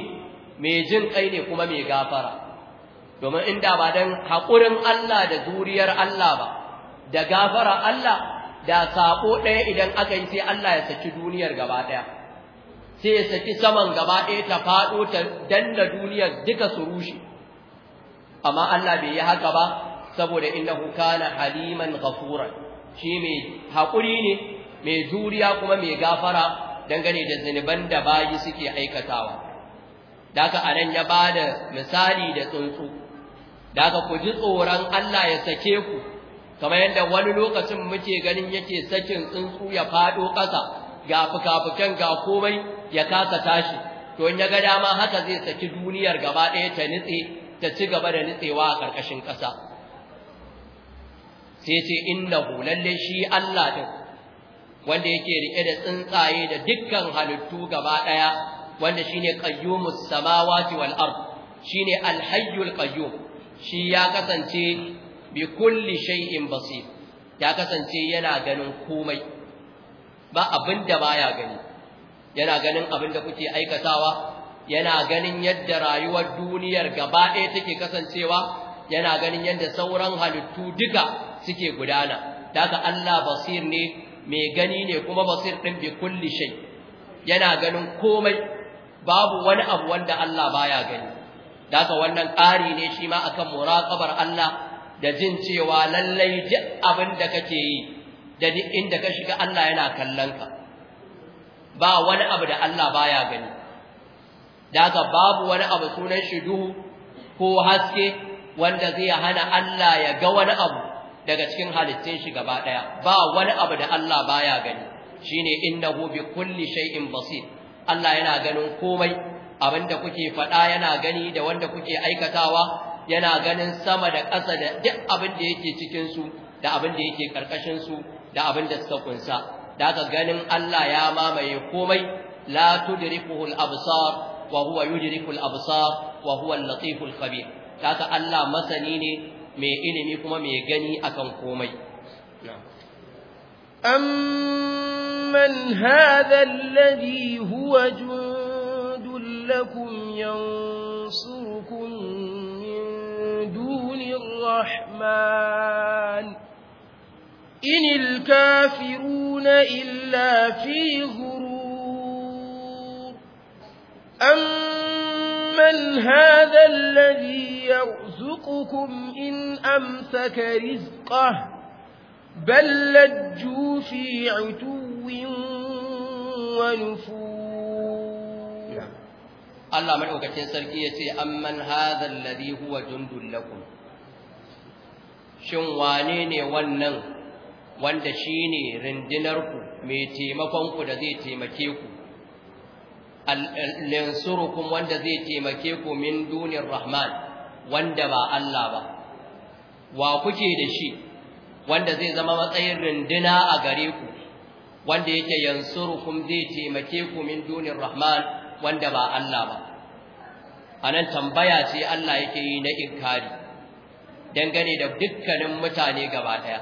mai jin kai ne kuma mai gafara domin inda ba dan hakurin Allah da zuriyar Allah ba da gafara Allah da sako ɗaya idan aka yi sai Allah ya saki duniyar gaba ɗaya sai ya saki saman gaba ɗaya ta faɗo ta danna duniyar duka su rushe amma Allah bai yi haka ba saboda innahu kana haliman ghafura shi mai hakuri ne mai juriya kuma mai gafara dangane da zinuban da bayi suke aikatawa daga anan ya bada misali da tsuntsu daga ku ji tsoron Allah ya sake ku kamar yadda wani lokacin muke ganin yake sakin tsuntsu ya fado ƙasa ga fukafukan ga komai ya kasa tashi to in ya ga dama haka zai saki duniyar gaba ɗaya ta nitse ta ci gaba da nitsewa a ƙarƙashin ƙasa sai ce innahu lalle shi Allah din wanda yake rike da tsuntsaye da dukkan halittu gaba daya wanda shine qayyumus samawati wal ard shine alhayyul qayyum shi ya kasance bi kulli shay'in basir ya kasance yana ganin komai ba abinda baya gani yana ganin abinda kuke aikatawa yana ganin yadda rayuwar duniyar gaba ɗaya take kasancewa yana ganin yadda sauran halittu duka suke gudana daga Allah basir ne mai gani ne kuma basir ɗin bi kulli shai, yana ganin komai babu wani abu wanda Allah baya gani daga wannan ƙari ne shi ma akan muraqabar Allah da jin cewa lallai duk abin da kake yi da duk inda ka shiga Allah yana kallon ka ba wani abu da Allah baya gani daga babu wani abu sunan shi duhu ko haske wanda zai hana Allah ya ga wani abu daga cikin halittun shi gaba daya ba wani abu da Allah baya gani shine innahu bi kulli shay'in basir Allah yana ganin komai abinda kuke faɗa yana gani da wanda kuke aikatawa yana ganin sama da ƙasa da duk abin da yake cikin su da abin da yake karkashin su da abin da suka kunsa da aka ganin Allah ya mamaye komai la tudrikuhu al-absar wa huwa yudriku al-absar wa huwa al-latiful khabir kaga Allah masani ne mai ilimi kuma mai gani akan komai amman hadha alladhi huwa jundul lakum yansurukum min dunir rahman in al-kafiruna illa fi ghurur من هذا الذي يرزقكم إن أمسك رزقه بل لجوا في عتو ونفور الله من أوكا تنسر كي يتي أمن هذا الذي هو جند لكم شوانين ونن وندشيني رندنركم ميتي مفنك جديتي مكيكم linsurukum wanda zai taimake ku min dunir rahman wanda ba Allah ba wa kuke da shi wanda zai zama matsayin rinduna a gare ku wanda yake yansurukum zai taimake ku min dunir rahman wanda ba Allah ba anan tambaya ce Allah yake yi na inkari dangane da dukkanin mutane gaba daya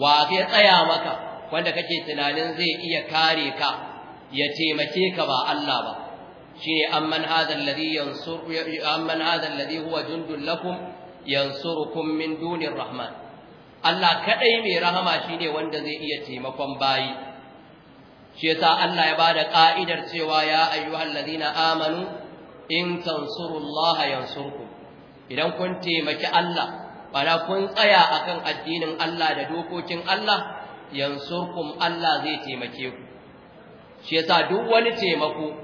wa zai tsaya maka wanda kake tunanin zai iya kare ka ya taimake ka ba Allah ba shine amman hadha alladhi yansur amman hadha alladhi huwa jundul lakum yansurukum min dunir rahman Allah kadai mai rahama shine wanda zai iya taimakon bayi shi yasa Allah ya bada ka'idar cewa ya ayyuhallazina amanu in tansurullaha yansurkum idan kun taimaki Allah bana kun tsaya akan addinin Allah da dokokin Allah yansurkum Allah zai taimake ku shi yasa duk wani taimako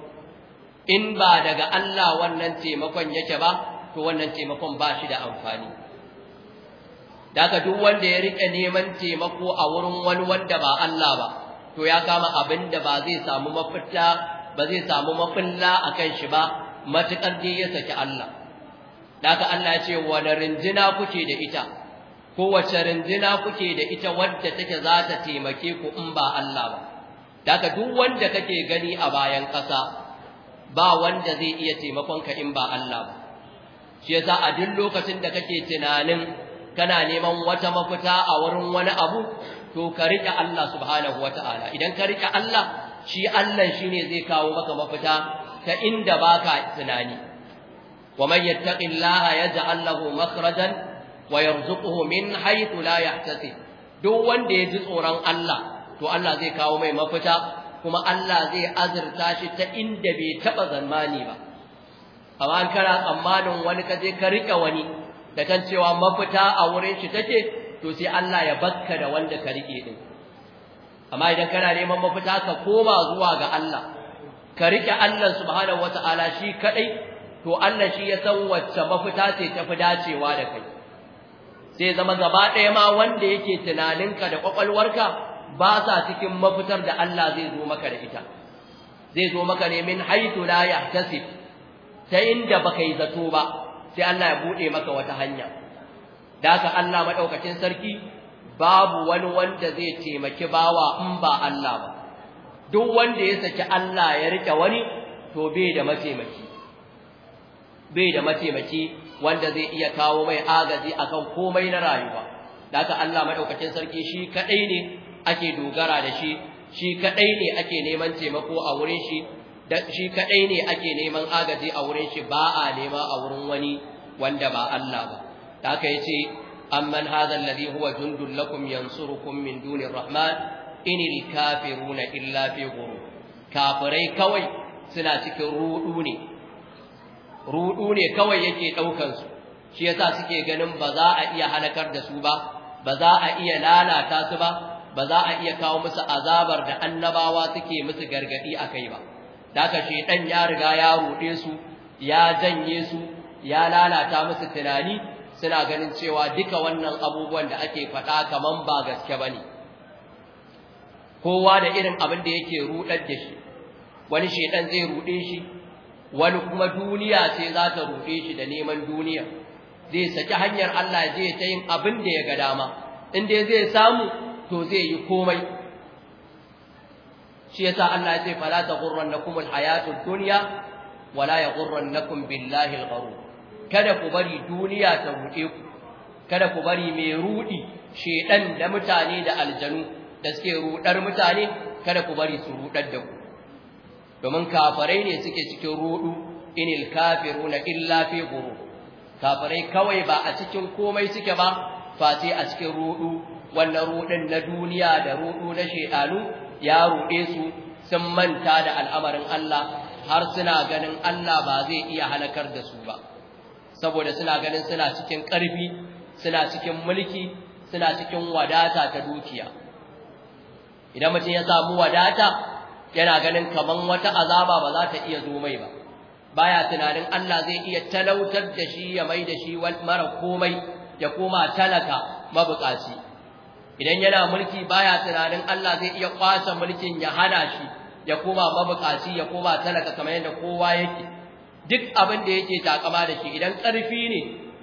in ba daga Allah wannan taimakon yake ba to wannan taimakon ba shi da amfani daga duk wanda ya rike neman taimako a wurin wani wanda ba Allah ba to ya kama abin da ba zai samu mafita ba zai samu mafilla akan shi ba matukar dai ya saki Allah daga Allah ya ce wani rinjina kuke da ita kowace rinjina kuke da ita wadda take za ta taimake ku in ba Allah ba daga duk wanda kake gani a bayan ƙasa ba wanda zai iya taimakonka in ba Allah ba shi yasa a duk lokacin da kake tunanin kana neman wata mafita a wurin wani abu to ka riƙe Allah subhanahu wata'ala idan ka riƙe Allah shi Allah shine zai kawo maka mafita ta inda baka tunani wa man yattaqillaha yaj'al lahu makhrajan wa yarzuquhu min haythu la yahtasib duk wanda ya ji tsoron Allah to Allah zai kawo mai mafita kuma Allah zai azurta shi ta inda bai taba zamani ba amma an kana tsammanin wani ka je ka rike wani da kan cewa mafita a wurin shi take to sai Allah ya bakka da wanda ka rike din amma idan kana neman mafita ka koma zuwa ga Allah ka rike Allah subhanahu wataala shi kadai to Allah shi ya san wacce mafita ce tafi dacewa da kai sai zama gaba ɗaya ma wanda yake tunaninka da kwakwalwarka ba sa cikin mafitar da Allah zai zo maka da ita zai zo maka ne min haitu la yahtasib ta inda baka yi zato ba sai Allah ya bude maka wata hanya da Allah madaukakin sarki babu wani wanda zai taimaki bawa in ba Allah ba duk wanda ya saki Allah ya rike wani to bai da mataimaki bai da mataimaki wanda zai iya kawo mai agaji akan komai na rayuwa daga Allah madaukakin sarki shi kadai ne ake dogara da shi shi kadai ne ake neman taimako a wurin shi da shi kadai ne ake neman agaji a wurin shi ba a nema a wurin wani wanda ba Allah ba da haka yace amman hadha alladhi huwa jundul lakum yansurukum min dunir rahman inil kafiruna illa fi ghurur kafirai kawai suna cikin rudu ne rudu ne kawai yake daukan su shi yasa suke ganin ba za a iya halakar da su ba ba za a iya lalata su ba ba za a iya kawo musu azabar da annabawa suke musu gargadi kai ba daga ɗan ya riga ya ruɗe su ya janye su ya lalata musu tunani suna ganin cewa duka wannan abubuwan da ake faɗa kamar ba gaske ba ne. kowa da irin abin da yake rudar da shi wani shedan zai ruɗe shi wani kuma duniya sai za ta rude shi da neman duniya zai saki hanyar Allah zai ta yin abin da ya ga dama inda zai samu to zai yi komai shi yasa Allah ya ce fala taghurrannakum alhayatud dunya wala yaghurrannakum billahi alghurur kada ku bari duniya ta rude ku kada ku bari mai rudi shedan da mutane da aljanu da suke rudar mutane kada ku bari su rudar da ku domin kafirai ne suke cikin rudu inil kafiruna illa fi ghurur kafirai kawai ba a cikin komai suke ba sai a cikin rudu wannan ruɗin na duniya da ruɗu na shedanu ya ruɗe su sun manta da al'amarin Allah har suna ganin Allah ba zai iya halakar da su ba saboda suna ganin suna cikin ƙarfi suna cikin mulki suna cikin wadata ta dukiya idan mutum ya samu wadata yana ganin kamar wata azaba ba za ta iya zo mai ba baya tunanin Allah zai iya talautar da shi ya mai da shi mara komai ya koma talaka mabukaci idan yana mulki baya tunanin Allah zai iya kwasa mulkin ya hana shi ya koma mabukaci ya koma talaka kamar yadda kowa yake duk abin da yake takama da shi idan karfi ne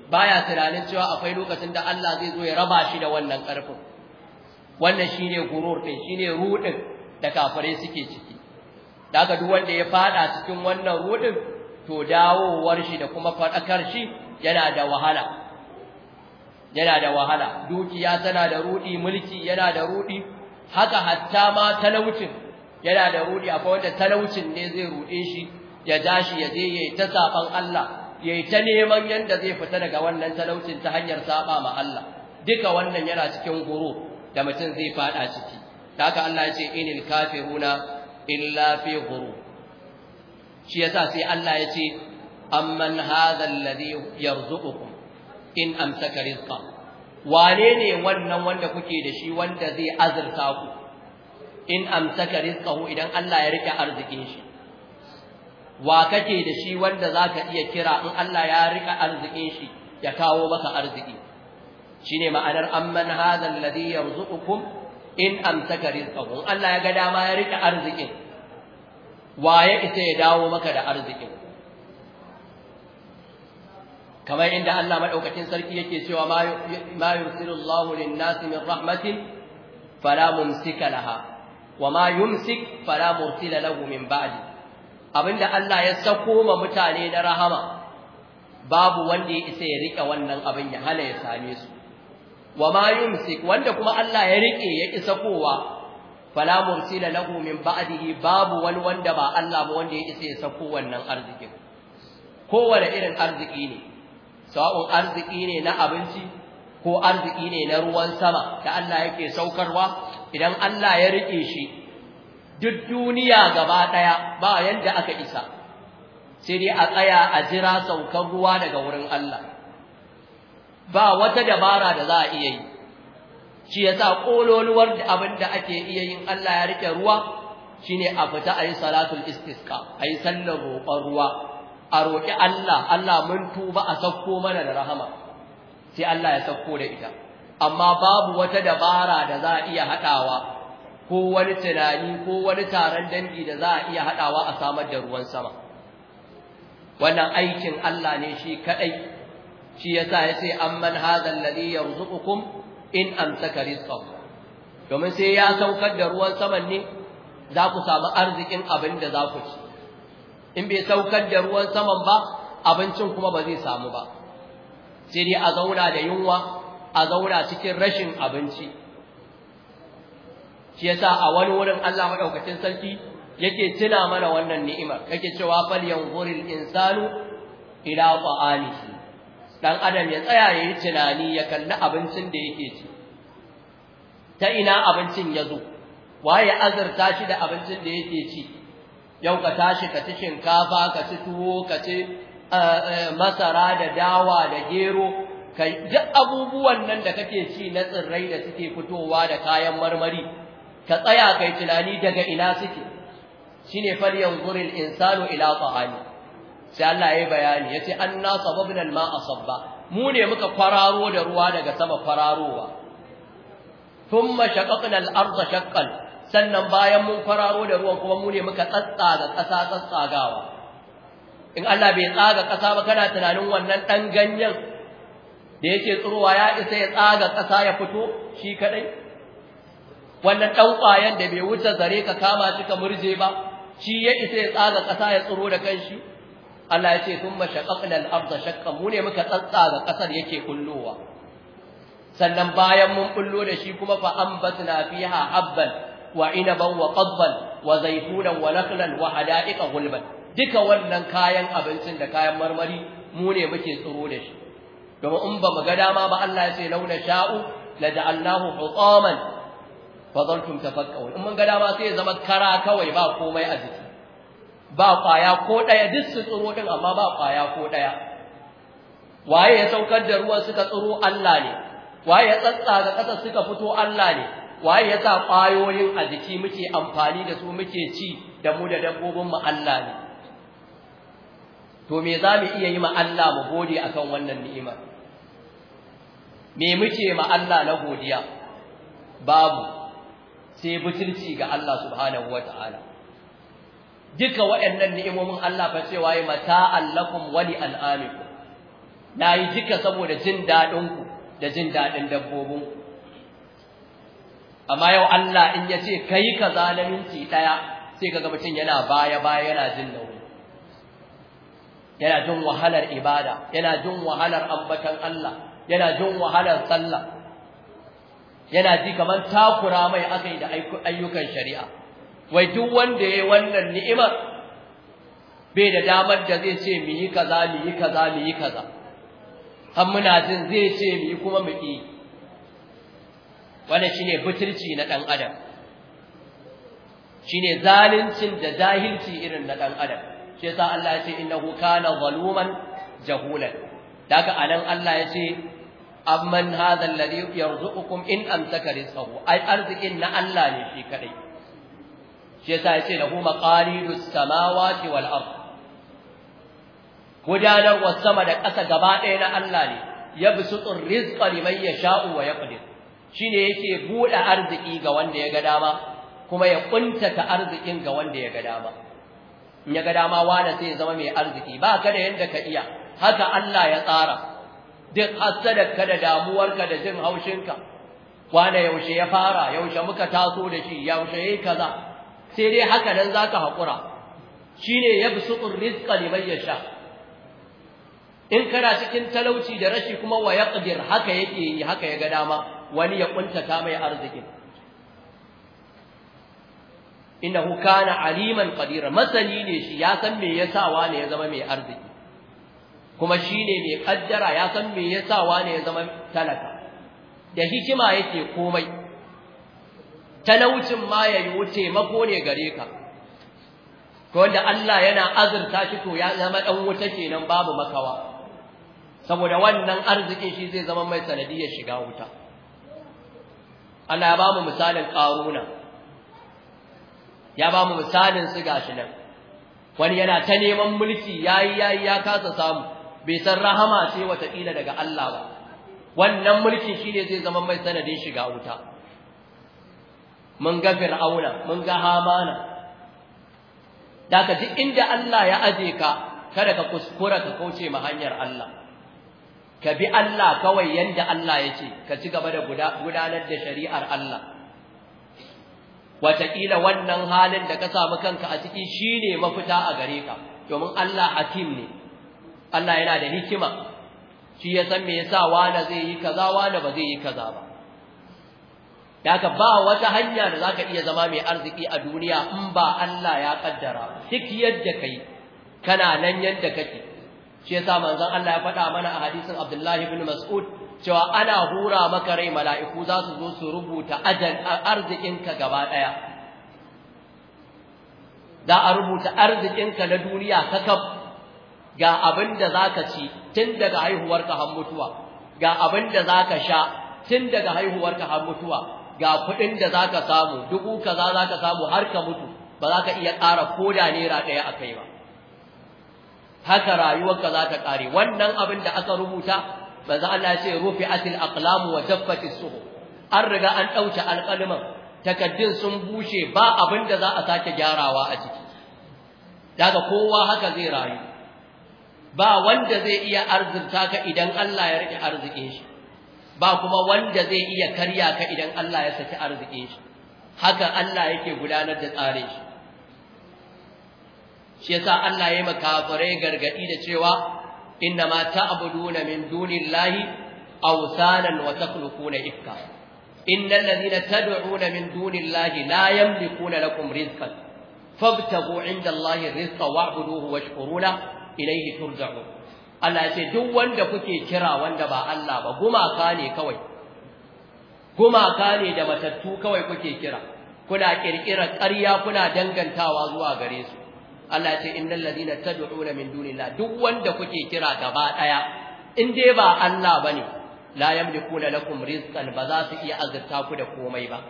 baya tunanin cewa akwai lokacin da Allah zai zo ya raba shi da wannan karfin wannan shine gurur din shine rudin da kafare suke ciki daga duk wanda ya fada cikin wannan rudin to dawowar shi da kuma fadakar shi yana da wahala yana da wahala dukiya tana da rudi mulki yana da rudi haka hatta ma talaucin yana da rudi akwai wanda talaucin ne zai rude shi ya dashi ya je yayi ta safan Allah yayi ta neman yanda zai fita daga wannan talaucin ta hanyar saba ma Allah duka wannan yana cikin guru da mutum zai fada ciki haka Allah ya ce inil kafiruna illa fi guru shi yasa sai Allah ya ce amman hadha alladhi yarzuqukum in amsaka rizqa wane ne wannan wanda kuke da shi wanda zai azurta ku in amsaka rizqahu idan Allah ya rike arzikin shi wa kake da shi wanda zaka iya kira in Allah ya rike arzikin shi ya kawo maka arziki shine ma'anar amman hadha alladhi yarzuqukum in amsaka rizqahu Allah ya ga dama ya rike arzikin wa ya isa ya dawo maka da arzikin kamar inda Allah madaukakin sarki yake cewa ma yursilullahu lin-nasi min rahmatin fala mumsika laha wa ma yumsik fala mursila lahu min ba'di abinda Allah ya sako ma mutane da rahama babu wanda ya isa ya rike wannan abin ya hana ya same su wa ma yumsik wanda kuma Allah ya rike ya isa kowa fala mursila lahu min ba'dihi babu wani wanda ba Allah ba wanda ya isa ya sako wannan arzikin kowane irin arziki ne sawabin arziki ne na abinci ko arziki ne na ruwan sama da Allah yake saukarwa idan Allah ya rike shi duk duniya gaba daya ba yanda aka isa sai dai a tsaya a jira saukar ruwa daga wurin Allah ba wata dabara da za a iya yi shi yasa kololuwar da abin da ake iya yin Allah ya rike ruwa shine a fita ayi salatul istisqa ayi sallar roƙon ruwa a roƙi Allah Allah mun tuba a sauko mana da rahama sai Allah ya sauko da ita amma babu wata dabara da za a iya haɗawa ko wani tunani ko wani taron dangi da za a iya haɗawa a samar da ruwan sama wannan aikin Allah ne shi kaɗai shi ya sa ya ce amman hadha yanzu yarzuqukum in amsaka rizqahu domin sai ya saukar da ruwan saman ne za ku samu arzikin abin da za ku ci in bai saukar da ruwan saman ba abincin kuma ba zai samu ba sai dai a zauna da yunwa a zauna cikin rashin abinci shi yasa a wani wurin Allah madaukakin sarki yake tuna mana wannan ni'imar yake cewa fal yanzuril insanu ila ta'amihi dan adam ya tsaya ya yi tunani ya kalli abincin da yake ci ta ina abincin ya zo waye azurta shi da abincin da yake ci yau ka tashi ka ci shinkafa ka ci tuwo ka ci eh, eh, masara da dawa da gero ka duk abubuwan nan da kake ci na tsirrai da suke fitowa da kayan marmari ka tsaya kai tunani daga ina suke shine fal yanzuril insanu ila ta'ani sai Allah yayi bayani yace anna sababna al-ma'a sabba mu ne muka kwararo da ruwa daga sama kwararowa thumma shaqaqna al-ardha shaqqan sannan bayan mun kwararo da ruwan kuma mu ne muka tsatsaga ƙasa tsatsagawa in Allah bai tsaga ƙasa ba kana tunanin wannan ɗan ganyen da yake tsirowa ya isa ya tsaga ƙasa ya fito shi kaɗai wannan ɗan ƙwayan da bai wuce zare ka kama shi ka murje ba shi ya isa ya tsaga ƙasa ya tsiro da kanshi Allah ya ce sun mashaƙaƙna al'arda shakka mu ne muka tsatsaga ƙasar yake kullowa sannan bayan mun kullo da shi kuma fa ambatna fiha habban وعنبا وقضبا وزيتونا ونخلا وحدائق غلبا duka wannan kayan abincin da kayan marmari mu ne muke tsoro da shi domin in ba mu ga dama ba Allah ya ce launa sha'u la ja'alnahu hutaman fa zantum in mun ga dama sai ya zama kara kawai ba komai a jiki ba kwaya ko daya duk su tsoro din amma ba kwaya ko daya waye ya saukar da ruwan suka tsoro Allah ne waye ya tsatsa ga ƙasa suka fito Allah ne waye ya sa ƙwayoyin a jiki muke amfani da su muke ci da mu da dabbobin mu Allah ne to me za mu iya yi ma Allah mu gode akan wannan ni'imar me muke ma Allah na godiya babu sai butulci ga Allah subhanahu wataala duka waɗannan ni'imomin Allah fa cewa waye mata'an lakum wa li na nayi duka saboda jin dadin ku da jin dadin dabbobinku amma yau Allah in ya ce kai kaza na minti ɗaya sai kaga mutum yana baya baya yana jin nauyi yana jin wahalar ibada yana jin wahalar ambatan Allah yana jin wahalar sallah yana ji kamar takura mai akai da ayyukan shari'a wai duk wanda yayi wannan ni'imar bai da damar da zai ce mu yi kaza mu yi kaza mu yi kaza har muna jin zai ce mu yi kuma mu yi wanda shine butulci na ɗan adam shine zalincin da jahilci irin na ɗan adam shi yasa Allah ya ce huka na zaluman jahulan daga nan Allah ya ce amman hadha alladhi yarzuqukum in amsaka rizqahu ai arzikin na Allah ne shi kadai shi yasa ya ce lahu maqalidus samawati wal ardh gudanarwar sama da ƙasa gaba ɗaya na Allah ne ya bi sutsun rizqa liman sha'u wa yaqdir shine yake buɗe arziki ga wanda ya ga dama kuma ya ƙuntata arzikin ga wanda ya ga dama in ya ga dama wane sai zama mai arziki ba ka da yadda ka iya haka Allah ya tsara duk hasadarka da damuwarka da jin haushinka wane yaushe ya fara yaushe muka taso da shi yaushe ya yi kaza sai dai haka nan zaka hakura shine Shi ne liman sha in kana cikin talauci da rashi kuma wa ya haka yake yi haka ya ga dama wani ya kuntata mai arzikin innahu kana aliman qadira masani ne shi ya san me yasa ne ya zama mai arziki kuma shine mai kaddara ya san me yasa ne ya zama talaka da hikima yake komai talaucin ma ya yi mako ne gare ka ko wanda Allah yana azurta shi to ya zama dan wuta kenan babu makawa saboda wannan arzikin shi zai zama mai sanadiyar shiga wuta Allah ya ba mu misalin ƙaruna ya ba mu misalin siga gashi nan wani yana ta neman mulki yayi yayi ya kasa samu bai san rahama ce wata kila daga Allah ba wannan mulkin shine zai zama mai sanadin shiga wuta mun ga fir'auna mun ga hamana daga duk inda Allah ya aje ka kada ka kuskura ka kauce ma hanyar Allah ka bi Allah kawai yanda Allah ya ce ka ci gaba da gudanar da shari'ar Allah wataƙila wannan halin da ka samu kanka a ciki shi ne mafita a gare ka domin Allah hakim ne Allah yana da hikima shi ya san me yasa wane zai yi kaza wane ba zai yi kaza ba daga ba wata hanya da za ka iya zama mai arziki a duniya in ba Allah ya ƙaddara, duk yadda kai kana nan yadda kake shi yasa manzon Allah ya faɗa mana a hadisin Abdullahi ibn Mas'ud cewa ana hura maka rai mala'iku za su zo su rubuta ajal arzikinka gaba ɗaya za a rubuta arzikinka na duniya kakaf ga abin da za ka ci tun daga haihuwarka har mutuwa ga abin da za ka sha tun daga haihuwarka har mutuwa ga kuɗin da za ka samu dubu kaza za ka samu har ka mutu ba za ka iya ƙara koda naira ɗaya a kai ba haka rayuwarka za ta kare wannan abin da aka rubuta manzo Allah ya ce rufi'atil aqlamu wa jaffatis suhuf an riga an dauke alqaliman takaddun sun bushe ba abin da za a sake gyarawa a ciki daga kowa haka zai rayu ba wanda zai iya arzikaka ka idan Allah ya rike arzikin shi ba kuma wanda zai iya karya ka idan Allah ya saki arzikin shi haka Allah yake gudanar da tsare shi shi yasa Allah ya yi kafirai gargadi da cewa inna ma ta'buduna min dunillahi awsanan wa takhluquna ifka innal ladina tad'una min dunillahi la yamlikuna lakum rizqan fabtaghu 'indallahi rizqa wa'buduhu washkuru ilayhi turja'un Allah ya ce duk wanda kuke kira wanda ba Allah ba gumaka ne kawai gumaka ne da matattu kawai kuke kira kuna ƙirƙirar ƙarya kuna dangantawa zuwa gare su Allah ce innal ladina tad'una min dunillah duk wanda kuke kira gaba daya in dai ba Allah bane la yamlikuna lakum rizqan ba za su iya azurta ku da komai ba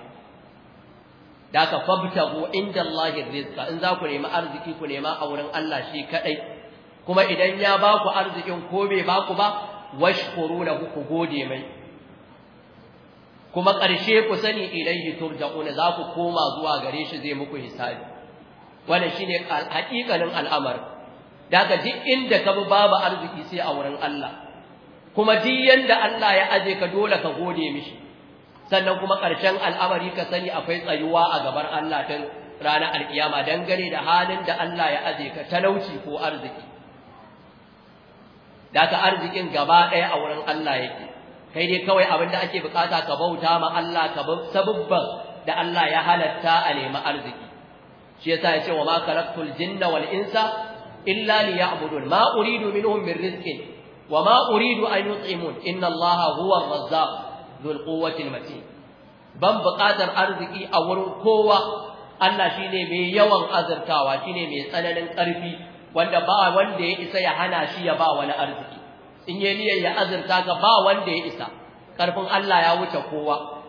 daka fabtagu inda rizqa in za ku nemi arziki ku nema a wurin Allah shi kadai kuma idan ya ba ku arzikin ko bai ba ku ba washkuru lahu ku gode mai kuma karshe ku sani ilayhi turja'una za ku koma zuwa gare shi zai muku hisabi wannan shine haƙiƙanin al’amar daga duk inda ka bi babu arziki sai a wurin Allah kuma duk yanda Allah ya aje ka dole ka gode mishi sannan kuma ƙarshen al'amari ka sani akwai tsayuwa a gabar Allah tun ranar alkiyama dangane da halin da Allah ya aje ka talauci ko arziki daga arzikin gaba ɗaya a wurin Allah yake kai ne kawai abin da ake bukata ka bauta ma Allah ka sabubban da Allah ya halatta a nemi arziki shi yasa ya ce wa ma khalaqtul jinna wal insa illa liya'budun ma uridu minhum min rizqin wa ma uridu an yut'imun inna allaha huwa ar-razzaq dhul quwwati matin ban buƙatar arziki a wurin kowa Allah shine mai yawan azurtawa shine mai tsananin ƙarfi wanda ba wanda ya isa ya hana shi ya ba wani arziki in yayi niyyar ya azurta ga ba wanda ya isa ƙarfin Allah ya wuce kowa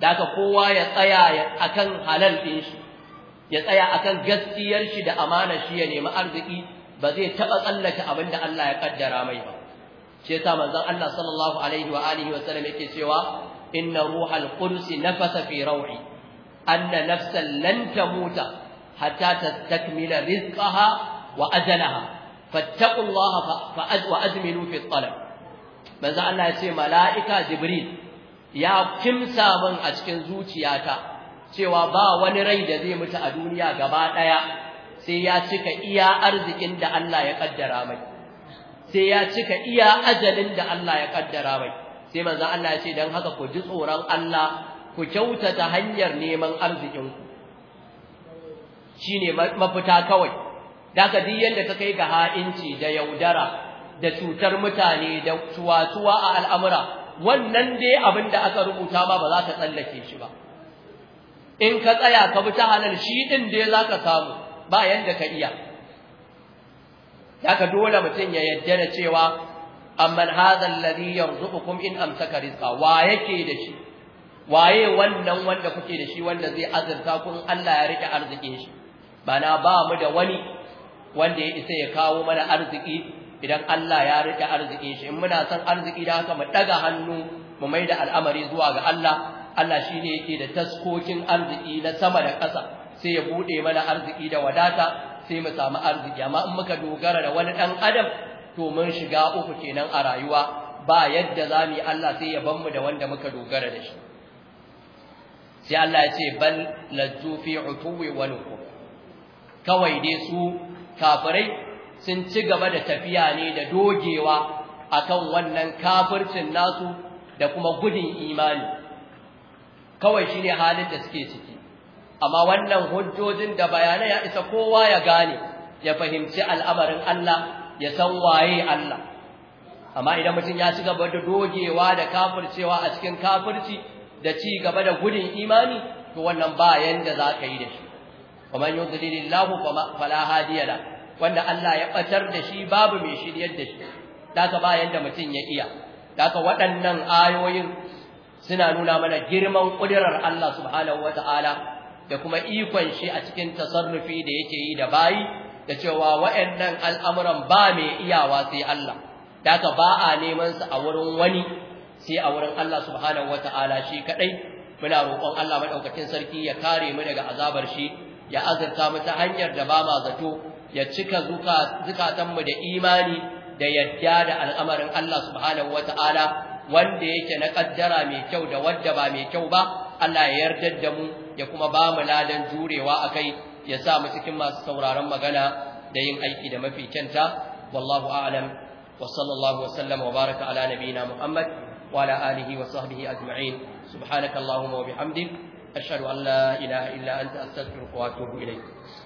da aka kowa ya tsaya akan halal ɗin shi ya tsaya akan gaskiyar shi da amanar shi ya nemi arziki ba zai taɓa tsallaka abin da Allah ya ƙaddara mai ba shi yasa manzon Allah sallallahu alaihi wa alihi wa sallam yake cewa inna ruhal qudus nafasa fi raw'i anna nafsan lan muta hatta tastakmila rizqaha wa ajalaha fattaqullaha fa wa ajmilu fi talab manzon Allah ya ce mala'ika jibril ya kimsa min a cikin zuciyata cewa ba wani rai da zai mutu a duniya gaba ɗaya sai ya cika iya arzikin da Allah ya kaddara mai sai ya cika iya ajalin da Allah ya kaddara mai sai manzo Allah ya ce dan haka ku ji tsoron Allah ku kyauta ta hanyar neman arzikin ku shine mafita kawai daga duk yanda ka kai ga ha'inci da yaudara da cutar mutane da tuwatuwa a al'amura wannan dai abin da aka rubuta ba ba za ka tsallake shi ba in ka tsaya ka bi ta halal shi din dai za ka samu ba yanda ka iya haka dole mutum ya yarda da cewa amman hadha alladhi yarzuqukum in amsaka rizqa wa yake da shi waye wannan wanda kuke da shi wanda zai azurta kun Allah ya rike arzikin shi bana ba mu da wani wanda ya isa ya kawo mana arziki idan Allah ya rike arziki shi in muna son arziki da haka mu daga hannu mu mai da al'amari zuwa ga Allah Allah shine yake da taskokin arziki na sama da ƙasa sai ya bude mana arziki da wadata sai mu samu arziki amma in muka dogara da wani dan adam to mun shiga uku kenan a rayuwa ba yadda zamu Allah sai ya ban mu da wanda muka dogara da shi sai Allah ya ce bal lazu fi utuwi wa kawai dai su kafirai sun ci gaba da tafiya ne da dogewa akan wannan kafircin nasu da kuma gudun imani kawai shi ne halin da suke ciki amma wannan hujjojin da bayanai ya isa kowa ya gane ya fahimci al'amarin Allah ya san waye Allah amma idan mutum ya ci gaba da dogewa da kafircewa a cikin kafirci da ci gaba da gudun imani to wannan ba yanda za ka yi da shi ومن يضلل الله فلا هادي له wanda Allah ya batar da shi babu mai shiryar da shi daga ba yanda mutum ya iya daga waɗannan ayoyin suna nuna mana girman ƙudurar Allah subhanahu wataala da kuma ikon shi a cikin tasarrufi da yake yi da bayi da cewa waɗannan al'amuran ba mai iyawa sai Allah daga ba a neman su a wurin wani sai a wurin Allah subhanahu wataala shi kaɗai? muna roƙon Allah madaukakin sarki ya kare mu daga azabar shi ya azurta mu ta hanyar da ba ma zato ya cika zukatanmu da imani da yadda da al'amarin Allah subhanahu wata'ala wanda yake na kaddara mai kyau da wadda ba mai kyau ba Allah ya yarda da mu ya kuma ba mu ladan jurewa akai ya sa mu cikin masu sauraron magana da yin aiki da mafi kyanta wallahu a'lam wa sallallahu wasallam wa baraka ala nabiyina muhammad wa ala alihi wa sahbihi ajma'in subhanakallahumma wa bihamdik ashhadu an la ilaha illa anta astaghfiruka wa atubu ilayk